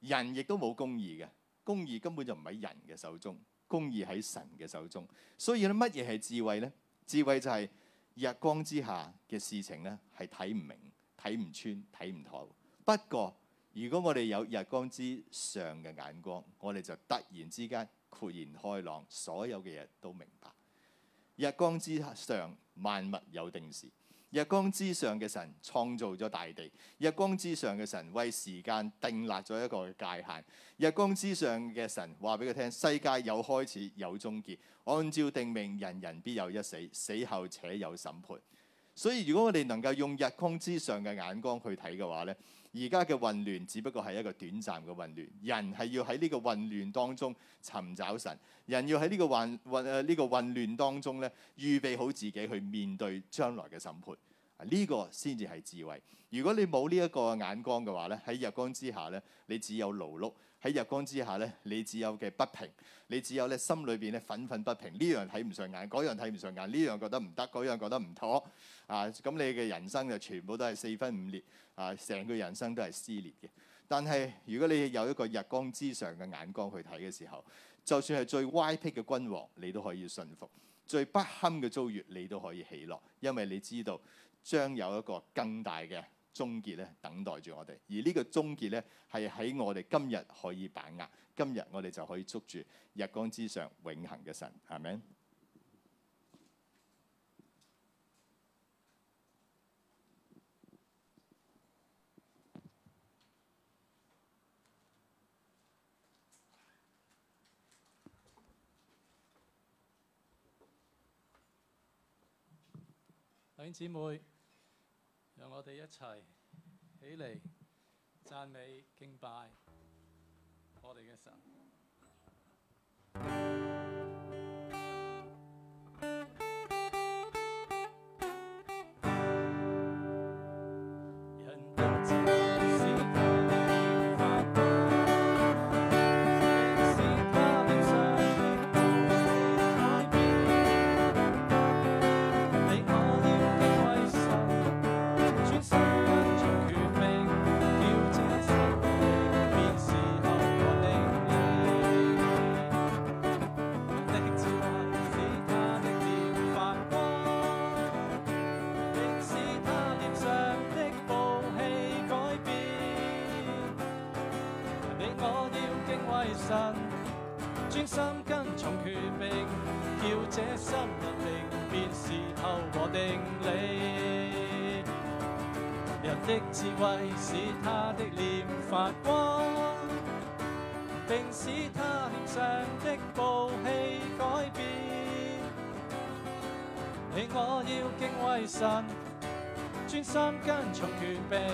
人亦都冇公義嘅。公義根本就唔喺人嘅手中，公義喺神嘅手中。所以咧，乜嘢係智慧咧？智慧就係日光之下嘅事情咧，係睇唔明、睇唔穿、睇唔透。不過，如果我哋有日光之上嘅眼光，我哋就突然之間豁然開朗，所有嘅嘢都明白。日光之上，萬物有定時；日光之上嘅神創造咗大地，日光之上嘅神為時間定立咗一個界限。日光之上嘅神話俾佢聽：世界有開始，有終結。按照定命，人人必有一死，死後且有審判。所以，如果我哋能夠用日光之上嘅眼光去睇嘅話咧，而家嘅混亂，只不過係一個短暫嘅混亂。人係要喺呢個混亂當中尋找神，人要喺呢個混混誒呢個混亂當中咧，預備好自己去面對將來嘅審判。呢個先至係智慧。如果你冇呢一個眼光嘅話咧，喺日光之下咧，你只有勞碌；喺日光之下咧，你只有嘅不平，你只有咧心裏邊咧憤憤不平。呢樣睇唔上眼，嗰樣睇唔上眼，呢樣覺得唔得，嗰樣覺得唔妥。啊！咁你嘅人生就全部都係四分五裂，啊，成個人生都係撕裂嘅。但係如果你有一個日光之上嘅眼光去睇嘅時候，就算係最歪僻嘅君王，你都可以信服；最不堪嘅遭遇，你都可以喜樂，因為你知道。將有一個更大嘅終結咧，等待住我哋。而呢個終結咧，係喺我哋今日可以把握。今日我哋就可以捉住日光之上永恆嘅神，係咪？兩姊妹。同我哋一齊起嚟讚美敬拜我哋嘅神。 定理，人的智慧使他的臉發光，並使他臉上的暴氣改變。你我要敬畏神，專心跟從權柄，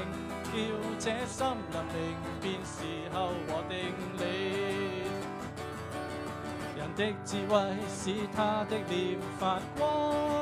叫這心能明辨時候和定理。人的智慧使他的臉發光。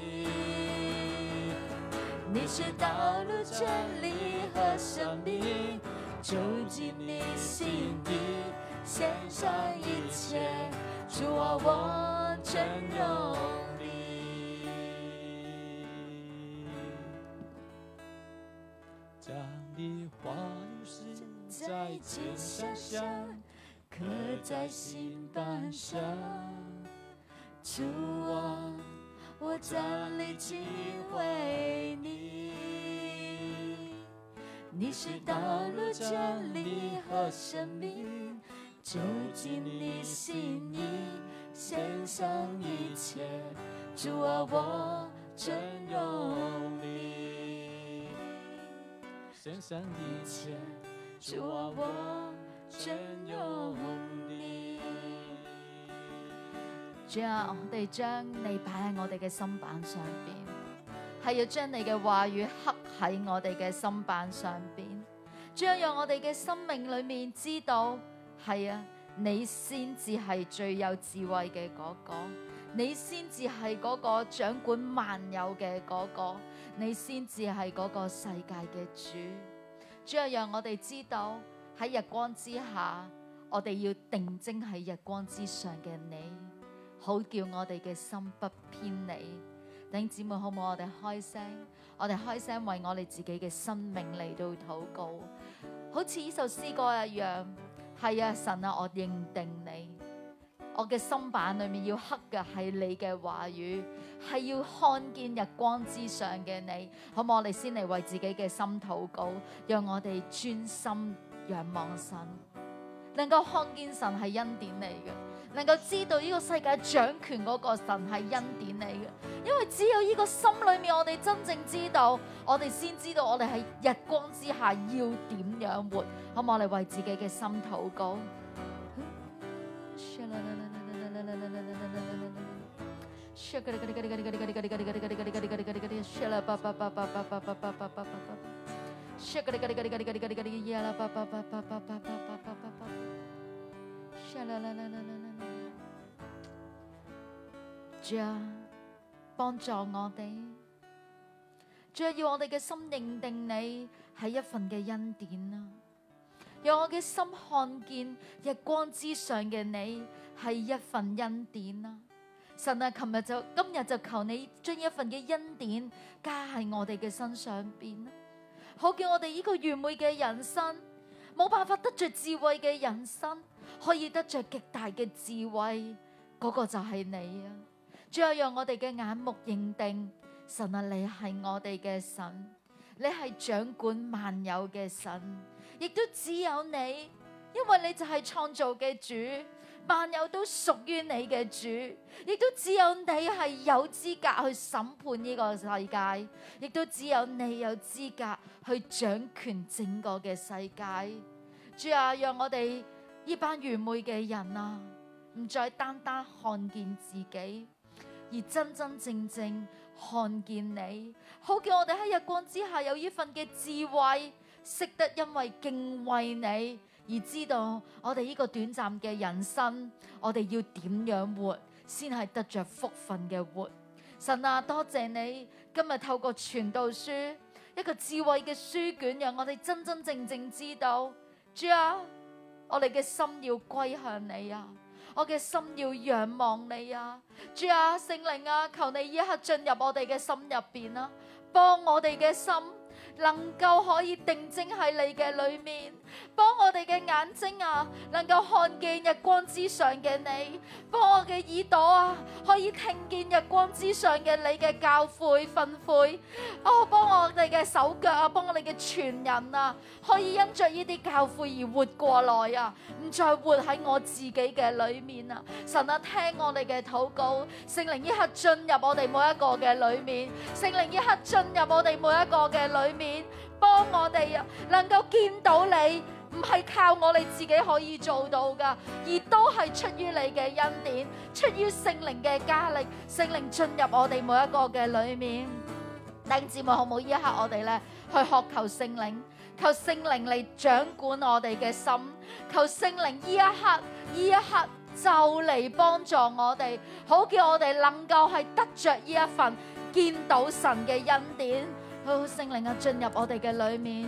你是道路真理和生命，走進你心底，獻上一切，助我完全用力。將你話在肩上，在刻在心上，助我。我站立敬畏你，你是道路真理和生命，走進你心裏，獻上一切，主啊，我真有你，獻上一切，主、啊、我主、啊、我真有。主啊，我哋將你擺喺我哋嘅心板上邊，係要將你嘅話語刻喺我哋嘅心板上邊。主啊，讓我哋嘅生命裏面知道，係啊，你先至係最有智慧嘅嗰個，你先至係嗰個掌管萬有嘅嗰個，你先至係嗰個世界嘅主。主啊，讓我哋知道喺日光之下，我哋要定睛喺日光之上嘅你。好叫我哋嘅心不偏你，等姊妹好唔好？我哋開聲，我哋開聲為我哋自己嘅生命嚟到禱告，好似呢首詩歌一樣。係啊，神啊，我認定你，我嘅心板裏面要刻嘅係你嘅話語，係要看見日光之上嘅你。好唔好？我哋先嚟為自己嘅心禱告，讓我哋專心仰望神，能夠看見神係恩典嚟嘅。能夠知道呢個世界掌權嗰個神係恩典嚟嘅，因為只有呢個心裏面我哋真正知道，我哋先知道我哋喺日光之下要點樣活，咁我哋為自己嘅心禱告。主啊，幫助我哋。主要我哋嘅心認定你係一份嘅恩典啊！讓我嘅心看見日光之上嘅你係一份恩典啊！神啊，琴日就今日就求你將一份嘅恩典加喺我哋嘅身上邊啦，好叫我哋呢個愚昧嘅人生冇辦法得着智慧嘅人生，可以得着極大嘅智慧。嗰個就係你啊！最後，讓我哋嘅眼目認定，神啊，你係我哋嘅神，你係掌管萬有嘅神，亦都只有你，因為你就係創造嘅主，萬有都屬於你嘅主，亦都只有你係有資格去審判呢個世界，亦都只有你有資格去掌權整個嘅世界。最後，讓我哋呢班愚昧嘅人啊，唔再單單看見自己。而真真正正看見你，好叫我哋喺日光之下有呢份嘅智慧，識得因為敬畏你而知道我哋呢個短暫嘅人生，我哋要點樣活先係得着福分嘅活？神啊，多謝你今日透過傳道書一個智慧嘅書卷，讓我哋真真正正知道主啊，我哋嘅心要歸向你啊！我嘅心要仰望你啊，主啊，聖靈啊，求你一刻進入我哋嘅心入便啊，幫我哋嘅心。能夠可以定睛喺你嘅裏面，幫我哋嘅眼睛啊，能夠看見日光之上嘅你；幫我嘅耳朵啊，可以聽見日光之上嘅你嘅教誨訓誨。哦，幫我哋嘅手腳啊，幫我哋嘅傳人啊，可以因着呢啲教誨而活過來啊，唔再活喺我自己嘅裏面啊！神啊，聽我哋嘅禱告，聖靈一刻進入我哋每一個嘅裏面，聖靈一刻進入我哋每一個嘅裏面。面幫我哋能夠見到你，唔係靠我哋自己可以做到噶，而都係出於你嘅恩典，出於聖靈嘅加力，聖靈進入我哋每一個嘅裏面。弟兄姊妹好唔好？依一刻我哋咧去渴求聖靈，求聖靈嚟掌管我哋嘅心，求聖靈依一刻，依一刻就嚟幫助我哋，好叫我哋能夠係得着依一份見到神嘅恩典。好好，聖靈啊，進入我哋嘅裏面。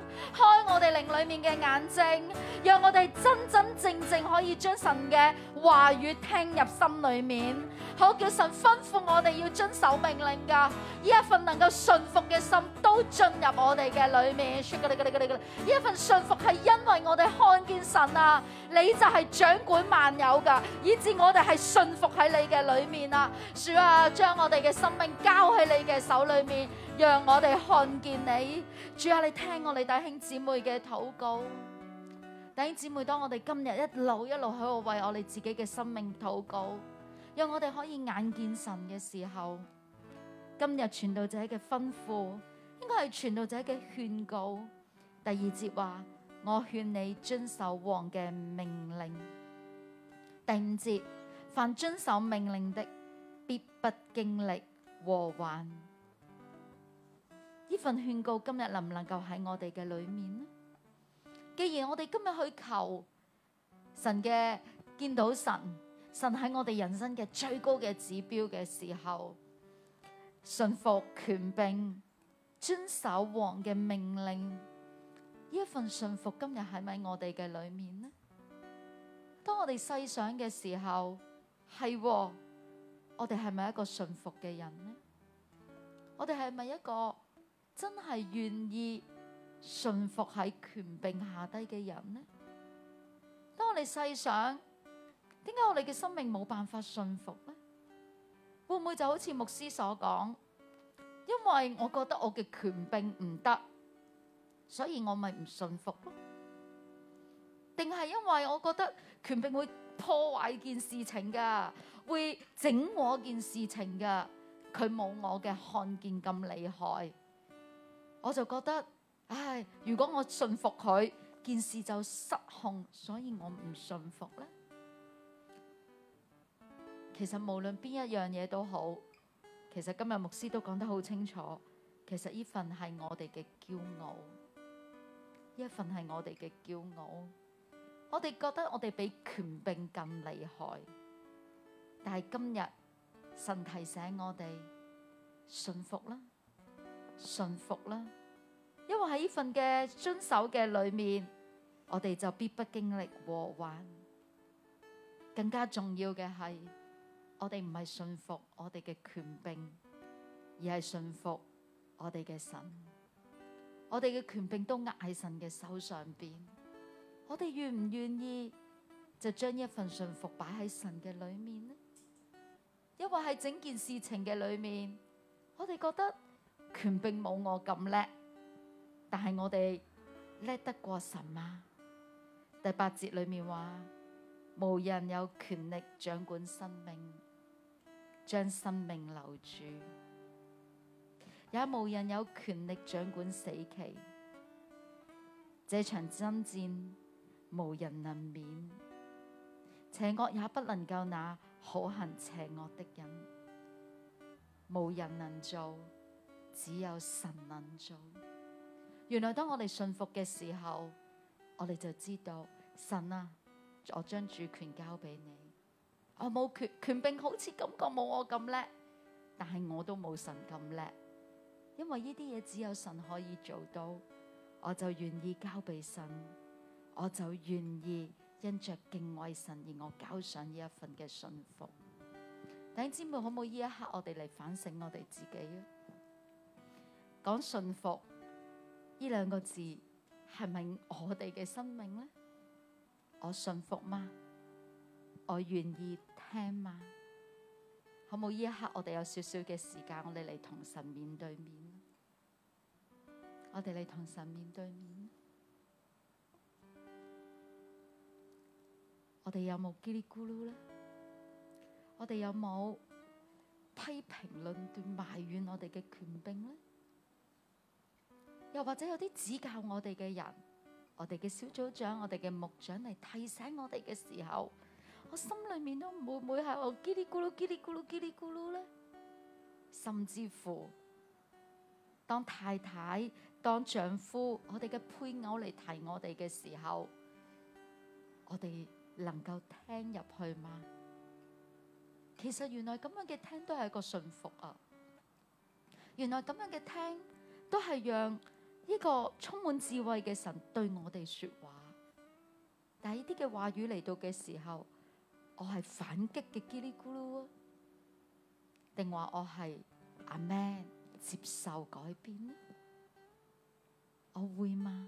開我哋靈裏面嘅眼睛，讓我哋真真正正可以將神嘅話語聽入心裏面，好叫神吩咐我哋要遵守命令噶，呢一份能夠順服嘅心進入我哋嘅裏面，說嘅你嘅你嘅你嘅呢一份信服係因為我哋看見神啊，你就係掌管萬有噶，以致我哋係信服喺你嘅裏面啊，主啊，將我哋嘅生命交喺你嘅手裏面，讓我哋看見你，主啊，你聽我哋弟兄姊妹嘅禱告，弟兄姊妹，當我哋今日一路一路喺度為我哋自己嘅生命禱告，讓我哋可以眼見神嘅時候，今日傳道者嘅吩咐。應該係傳道者嘅勸告。第二節話：我勸你遵守王嘅命令。第五節，凡遵守命令的，必不經歷禍患。呢份勸告今日能唔能夠喺我哋嘅裏面呢？既然我哋今日去求神嘅見到神，神喺我哋人生嘅最高嘅指標嘅時候，順服權柄。遵守王嘅命令，呢一份信服今日喺咪我哋嘅裏面呢？當我哋細想嘅時候，係、哦、我哋係咪一個信服嘅人呢？我哋係咪一個真係願意信服喺權柄下低嘅人呢？當我哋細想，點解我哋嘅生命冇辦法信服呢？會唔會就好似牧師所講？因為我覺得我嘅權柄唔得，所以我咪唔信服咯。定係因為我覺得權柄會破壞件事情㗎，會整我件事情㗎，佢冇我嘅看見咁厲害，我就覺得，唉，如果我信服佢，件事就失控，所以我唔信服咧。其實無論邊一樣嘢都好。其實今日牧師都講得好清楚，其實呢份係我哋嘅驕傲，呢一份係我哋嘅驕傲。我哋覺得我哋比權柄更厲害，但係今日神提醒我哋信服啦，順服啦。因為喺呢份嘅遵守嘅裏面，我哋就必不經歷禍患。更加重要嘅係。我哋唔係信服我哋嘅權柄，而係信服我哋嘅神。我哋嘅權柄都握喺神嘅手上邊。我哋願唔願意就將一份信服擺喺神嘅裏面呢？因為喺整件事情嘅裏面，我哋覺得權柄冇我咁叻，但係我哋叻得過神嘛，啊？第八節裏面話：無人有權力掌管生命。將生命留住，也無人有權力掌管死期。這場爭戰無人能免，邪惡也不能夠那好行邪惡的人，無人能做，只有神能做。原來當我哋信服嘅時候，我哋就知道神啊，我將主權交俾你。我冇權權柄，好似感覺冇我咁叻，但係我都冇神咁叻，因為呢啲嘢只有神可以做到，我就願意交俾神，我就願意因着敬畏神而我交上呢一份嘅信服。弟兄姊妹，可唔可以呢一刻我哋嚟反省我哋自己？講信服呢兩個字係咪我哋嘅生命呢？我信服嗎？我願意聽嗎？好冇？呢一刻，我哋有少少嘅時間，我哋嚟同神面對面。我哋嚟同神面對面。我哋有冇嘰里咕嚕呢？我哋有冇批評論斷埋怨我哋嘅權柄呢？又或者有啲指教我哋嘅人，我哋嘅小組長、我哋嘅牧長嚟提醒我哋嘅時候。我心裏面都唔會，唔會係我嘰哩咕嚕嘰哩咕嚕嘰哩咕嚕呢？甚至乎當太太當丈夫，我哋嘅配偶嚟提我哋嘅時候，我哋能夠聽入去嗎？其實原來咁樣嘅聽都係一個信服啊！原來咁樣嘅聽都係讓呢個充滿智慧嘅神對我哋說話。但係呢啲嘅話語嚟到嘅時候，我係反擊嘅嘰里咕嚕，定話我係阿們接受改變我會嗎？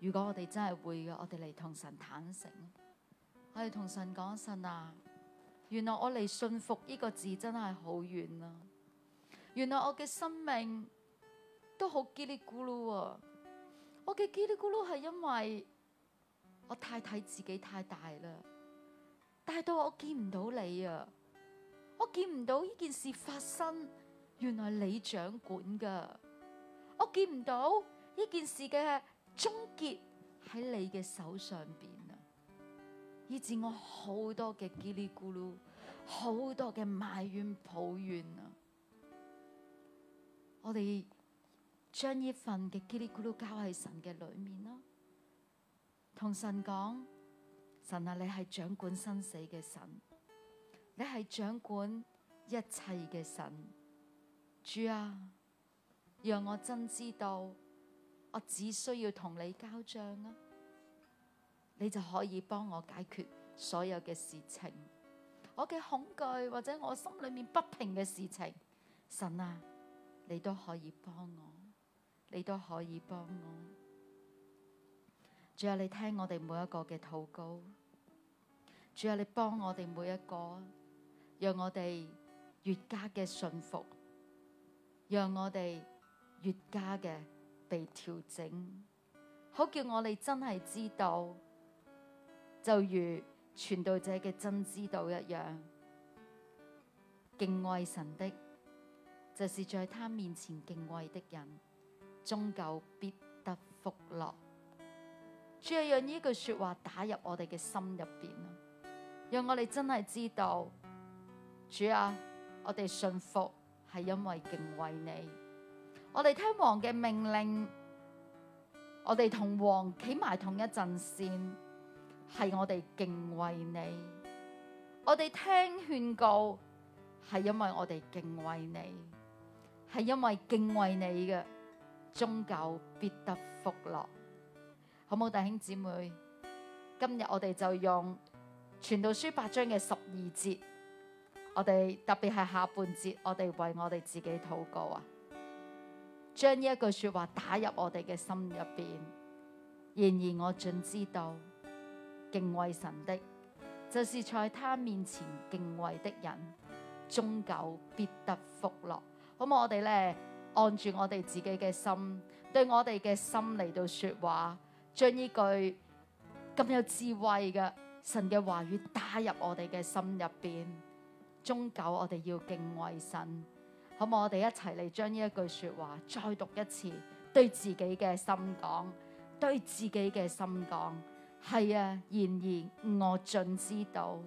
如果我哋真係會嘅，我哋嚟同神坦誠，我哋同神講，神啊，原來我離信服呢個字真係好遠啊！原來我嘅生命都好嘰里咕嚕啊，我嘅嘰里咕嚕係因為我太睇自己太大啦。但係到我見唔到你啊！我見唔到呢件事發生，原來你掌管噶。我見唔到呢件事嘅終結喺你嘅手上邊啊！以至我好多嘅嘰里咕嚕，好多嘅埋怨抱怨啊！我哋將呢份嘅嘰里咕嚕交喺神嘅裏面啦，同神講。神啊，你係掌管生死嘅神，你係掌管一切嘅神。主啊，讓我真知道，我只需要同你交賬啊，你就可以幫我解決所有嘅事情。我嘅恐懼或者我心裏面不平嘅事情，神啊，你都可以幫我，你都可以幫我。仲有你聽我哋每一個嘅禱告。仲有你幫我哋每一個，讓我哋越加嘅信服，讓我哋越加嘅被調整，好叫我哋真係知道，就如傳道者嘅真知道一樣，敬畏神的，就是在他面前敬畏的人，終究必得福樂。主要讓呢句說話打入我哋嘅心入面，讓我哋真係知道，主啊，我哋信服係因為敬畏你；我哋聽王嘅命令，我哋同王企埋同一陣線，係我哋敬畏你；我哋聽勸告，係因為我哋敬畏你，係因為敬畏你嘅，終究必得福樂。好冇？弟兄姊妹，今日我哋就用傳道書八章嘅十二節，我哋特別係下半節，我哋為我哋自己禱告啊，將呢一句說話打入我哋嘅心入邊。然而我盡知道，敬畏神的，就是在他面前敬畏的人，終究必得福樂。好唔好，我哋咧按住我哋自己嘅心，對我哋嘅心嚟到說話。將呢句咁有智慧嘅神嘅話語打入我哋嘅心入邊，終究我哋要敬畏神。好唔好？我哋一齊嚟，將呢一句說話再讀一次，對自己嘅心講，對自己嘅心講。係啊，然而我盡知道，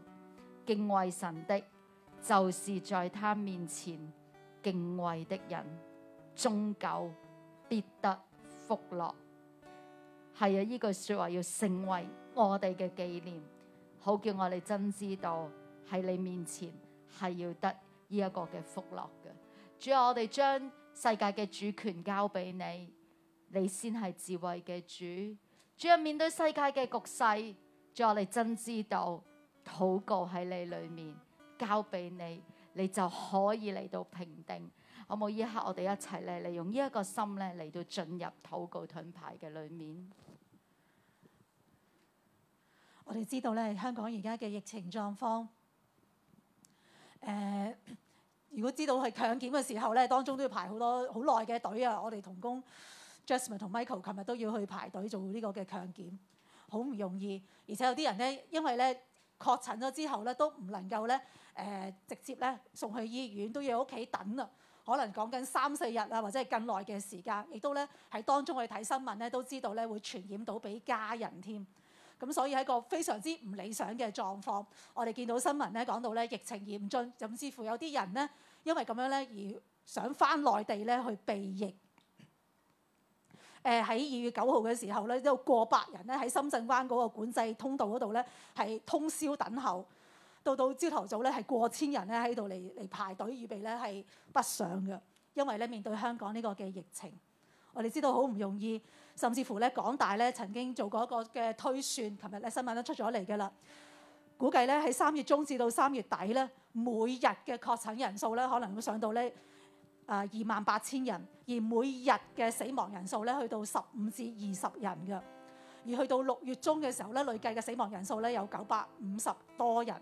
敬畏神的，就是在他面前敬畏的人，終究必得福樂。係啊！呢句說話要成為我哋嘅紀念，好叫我哋真知道喺你面前係要得呢一個嘅福樂嘅。主要我哋將世界嘅主權交俾你，你先係智慧嘅主。主要面對世界嘅局勢，主，我哋真知道禱告喺你裏面交俾你，你就可以嚟到平定好。好冇？依刻我哋一齊咧，利用呢一個心咧嚟到進入禱告盾牌嘅裏面。我哋知道咧，香港而家嘅疫情狀況，誒、呃，如果知道係強檢嘅時候咧，當中都要排好多好耐嘅隊啊！我哋同工 Jasmine 同 Michael 琴日都要去排隊做呢個嘅強檢，好唔容易。而且有啲人咧，因為咧確診咗之後咧，都唔能夠咧誒直接咧送去醫院，都要喺屋企等啊。可能講緊三四日啊，或者係更耐嘅時間，亦都咧喺當中去睇新聞咧，都知道咧會傳染到俾家人添。咁所以喺個非常之唔理想嘅狀況，我哋見到新聞咧講到咧疫情嚴峻，甚至乎有啲人咧因為咁樣咧而想翻內地咧去避疫，誒喺二月九號嘅時候咧，有過百人咧喺深圳灣嗰個管制通道嗰度咧係通宵等候，到到朝頭早咧係過千人咧喺度嚟嚟排隊預備咧係北上嘅，因為咧面對香港呢個嘅疫情，我哋知道好唔容易。甚至乎咧，港大咧曾經做過一個嘅推算，琴日咧新聞都出咗嚟嘅啦。估計咧喺三月中至到三月底咧，每日嘅確診人數咧可能會上到呢啊二萬八千人，而每日嘅死亡人數咧去到十五至二十人嘅，而去到六月中嘅時候咧，累計嘅死亡人數咧有九百五十多人。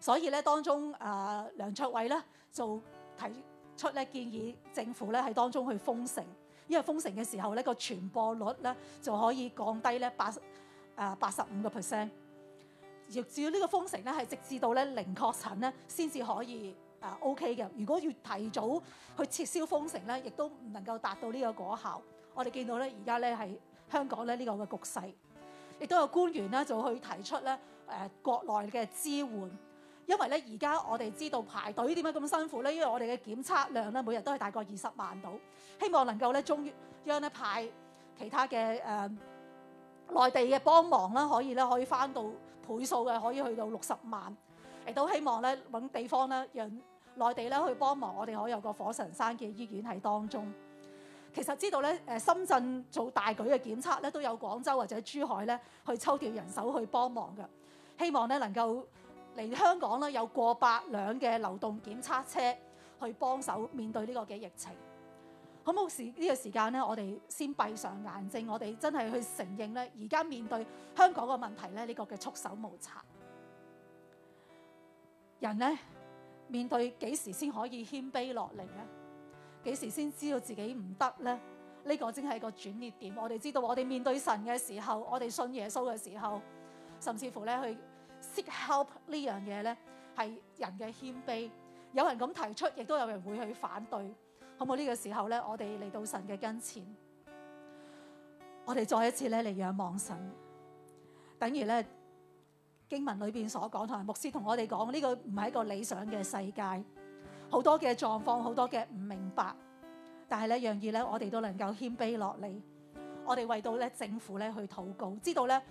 所以咧，當中啊、呃、梁卓偉咧就提出咧建議政府咧喺當中去封城。因為封城嘅時候咧，個傳播率咧就可以降低咧八誒八十五個 percent。亦至要呢個封城咧係直至到咧零確診咧先至可以誒 OK 嘅。如果要提早去撤銷封城咧，亦都唔能夠達到呢個果效。我哋見到咧而家咧係香港咧呢個嘅局勢，亦都有官員咧就去提出咧誒國內嘅支援。因為咧，而家我哋知道排隊點解咁辛苦咧，因為我哋嘅檢測量咧，每日都係大概二十萬度，希望能夠咧，終於讓咧派其他嘅誒內地嘅幫忙啦，可以咧可以翻到倍數嘅，可以去到六十萬，亦都希望咧揾地方咧，讓內地咧去幫忙，我哋可以有個火神山嘅醫院喺當中。其實知道咧，誒深圳做大舉嘅檢測咧，都有廣州或者珠海咧去抽調人手去幫忙嘅，希望咧能夠。嚟香港咧有過百輛嘅流動檢測車去幫手，面對呢個嘅疫情。好冇事，呢個時間呢，我哋先閉上眼睛。我哋真係去承認呢，而家面對香港嘅問題呢，呢個嘅束手無策。人呢，面對幾時先可以謙卑落嚟呢？幾時先知道自己唔得呢？呢個真係個轉捩點。我哋知道，我哋面對神嘅時候，我哋信耶穌嘅時候，甚至乎呢去。即係 help 呢樣嘢呢，係人嘅謙卑。有人咁提出，亦都有人會去反對。好冇呢個時候呢，我哋嚟到神嘅跟前，我哋再一次咧嚟仰望神，等於呢，經文裏邊所講，同埋牧師同我哋講，呢個唔係一個理想嘅世界，好多嘅狀況，好多嘅唔明白。但係呢一樣嘢呢，我哋都能夠謙卑落嚟，我哋為到咧政府呢去禱告，知道呢。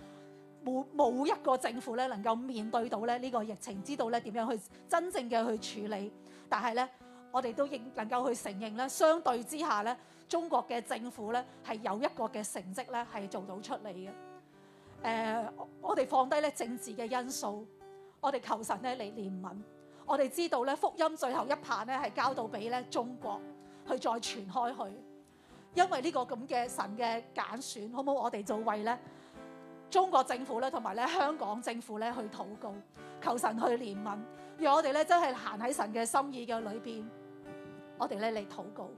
冇冇一個政府咧能夠面對到咧呢個疫情，知道咧點樣去真正嘅去處理。但係咧，我哋都應能夠去承認咧，相對之下咧，中國嘅政府咧係有一個嘅成績咧係做到出嚟嘅。誒、呃，我哋放低咧政治嘅因素，我哋求神咧嚟憐憫，我哋知道咧福音最後一棒咧係交到俾咧中國去再傳開去，因為呢個咁嘅神嘅揀選，好唔好我？我哋做為咧。中國政府咧，同埋咧香港政府咧，去禱告，求神去憐憫，讓我哋咧真係行喺神嘅心意嘅裏邊，我哋咧嚟禱告。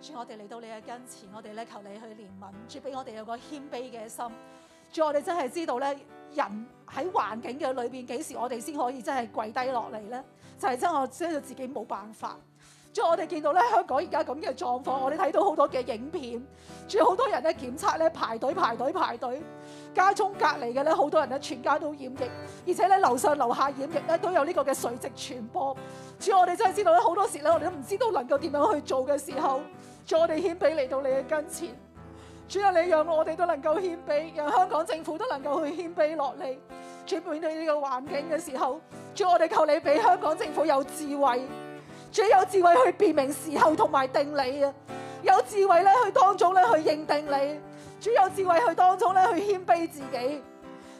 主，我哋嚟到你嘅跟前，我哋咧求你去憐憫，主俾我哋有個謙卑嘅心。主，我哋真係知道咧，人喺環境嘅裏邊幾時我哋先可以真係跪低落嚟咧？就係真係我知道自己冇辦法。主，我哋見到咧香港而家咁嘅狀況，我哋睇到好多嘅影片，仲有好多人咧檢測咧排隊排隊排隊，家中隔離嘅咧好多人咧全家都染疫，而且咧樓上樓下染疫咧都有呢個嘅垂直傳播。主，我哋真係知道咧好多時咧，我哋都唔知道能夠點樣去做嘅時候，主，我哋謙卑嚟到你嘅跟前。主啊，你讓我哋都能夠謙卑，讓香港政府都能夠去謙卑落嚟。主，面對呢個環境嘅時候，主，我哋求你俾香港政府有智慧。主有智慧去辨明時候同埋定理啊，有智慧咧去當中咧去認定你；主有智慧去當中咧去謙卑自己。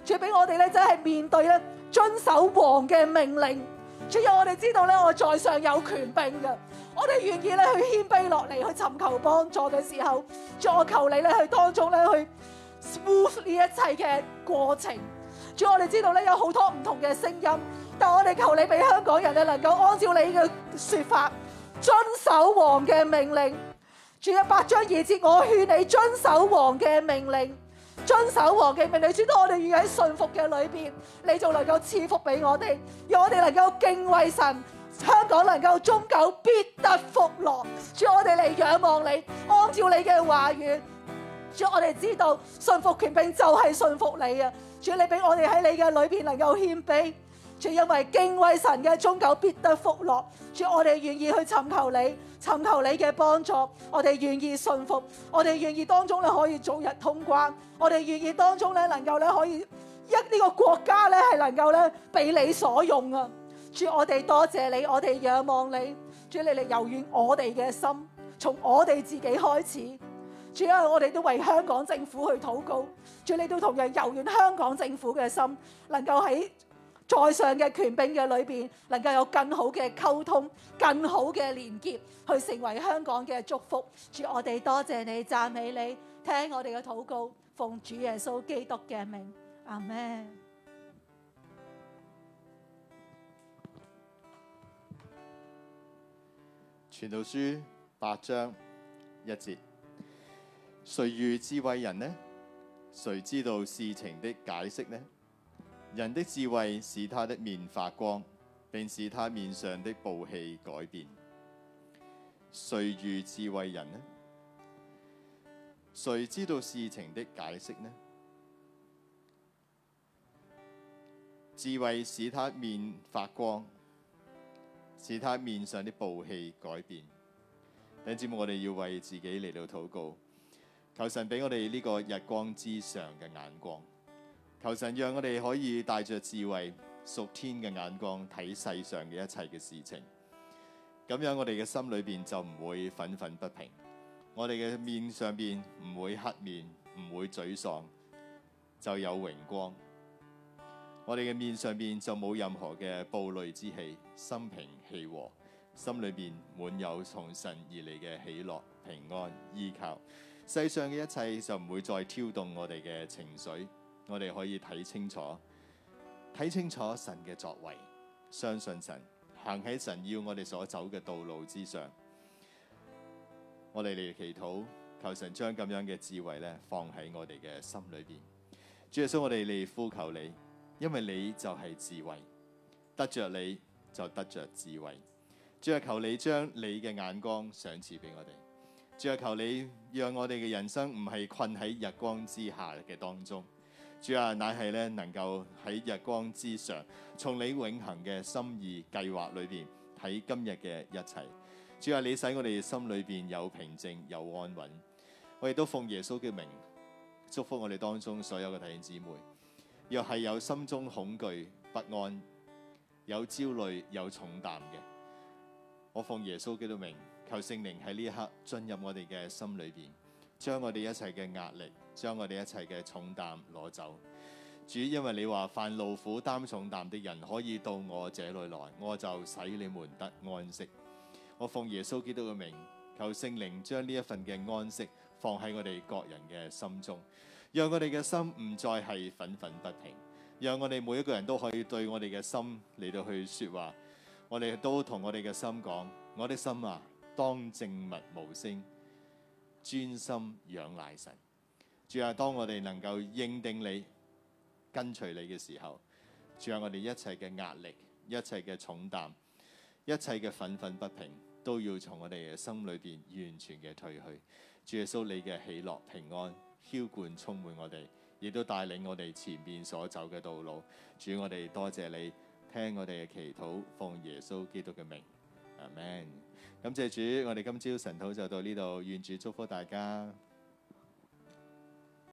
主俾我哋咧真係面對咧遵守王嘅命令。主讓我哋知道咧我在上有權柄嘅，我哋願意咧去謙卑落嚟去尋求幫助嘅時候，助求你咧去當中咧去 smooth 呢一切嘅過程。主，我哋知道咧有好多唔同嘅聲音。但我哋求你俾香港人啊，能夠按照你嘅說法遵守王嘅命令。主嘅八章二節，我勸你遵守王嘅命令，遵守王嘅命令。主，我哋要喺順服嘅裏邊，你就能夠賜福俾我哋，要我哋能夠敬畏神，香港能夠終久必得福樂。主，我哋嚟仰望你，按照你嘅話語。主，我哋知道順服權柄就係順服你啊！主，你俾我哋喺你嘅裏邊能夠謙卑。主因為敬畏神嘅終久必得福樂，主，我哋願意去尋求你，尋求你嘅幫助，我哋願意信服，我哋願意當中咧可以早日通關，我哋願意當中咧能夠咧可以一呢個國家咧係能夠咧被你所用啊！主，我哋多謝你，我哋仰望你，主，你嚟柔軟我哋嘅心，從我哋自己開始。主呀，我哋都為香港政府去禱告，主，你都同樣柔軟香港政府嘅心，能夠喺。在上嘅權柄嘅裏邊，能夠有更好嘅溝通、更好嘅連結，去成為香港嘅祝福。主我哋多謝你，讚美你，聽我哋嘅禱告，奉主耶穌基督嘅名。阿門。傳道書八章一節：誰遇智慧人呢？誰知道事情的解釋呢？人的智慧使他的面發光，並使他面上的暴氣改變。誰如智慧人呢？誰知道事情的解釋呢？智慧使他面發光，使他面上的暴氣改變。等一節目，我哋要為自己嚟到禱告，求神俾我哋呢個日光之上嘅眼光。求神讓我哋可以帶着智慧、屬天嘅眼光睇世上嘅一切嘅事情，咁樣我哋嘅心裏邊就唔會憤憤不平，我哋嘅面上邊唔會黑面，唔會沮喪，就有榮光。我哋嘅面上邊就冇任何嘅暴戾之氣，心平氣和，心裏邊滿有從神而嚟嘅喜樂、平安、依靠。世上嘅一切就唔會再挑動我哋嘅情緒。我哋可以睇清楚，睇清楚神嘅作為，相信神，行喺神要我哋所走嘅道路之上。我哋嚟祈禱，求神將咁樣嘅智慧咧放喺我哋嘅心裏邊。主耶穌，我哋嚟呼求你，因為你就係智慧，得着你就得着智慧。主啊，求你將你嘅眼光賞賜俾我哋。主啊，求你讓我哋嘅人生唔係困喺日光之下嘅當中。主啊，乃係咧能夠喺日光之上，從你永恆嘅心意計劃裏邊睇今日嘅一切。主啊，你使我哋心裏邊有平靜，有安穩。我亦都奉耶穌嘅名祝福我哋當中所有嘅弟兄姊妹。若係有心中恐懼不安、有焦慮、有重擔嘅，我奉耶穌基督嘅名，求聖靈喺呢一刻進入我哋嘅心裏邊。將我哋一切嘅壓力，將我哋一切嘅重擔攞走。主，因為你話凡勞苦擔重擔的人可以到我這裏來，我就使你們得安息。我奉耶穌基督嘅名，求聖靈將呢一份嘅安息放喺我哋各人嘅心中，讓我哋嘅心唔再係憤憤不平，讓我哋每一個人都可以對我哋嘅心嚟到去說話，我哋都同我哋嘅心講，我的心啊，當靜默無聲。專心仰賴神，主啊，當我哋能夠認定你跟隨你嘅時候，主啊，我哋一切嘅壓力、一切嘅重擔、一切嘅憤憤不平，都要從我哋嘅心裏邊完全嘅退去。主耶穌，你嘅喜樂、平安、澆灌充滿我哋，亦都帶領我哋前面所走嘅道路。主，我哋多謝你，聽我哋嘅祈禱，奉耶穌基督嘅名，阿門。感謝主，我哋今朝晨讀就到呢度，願主祝福大家。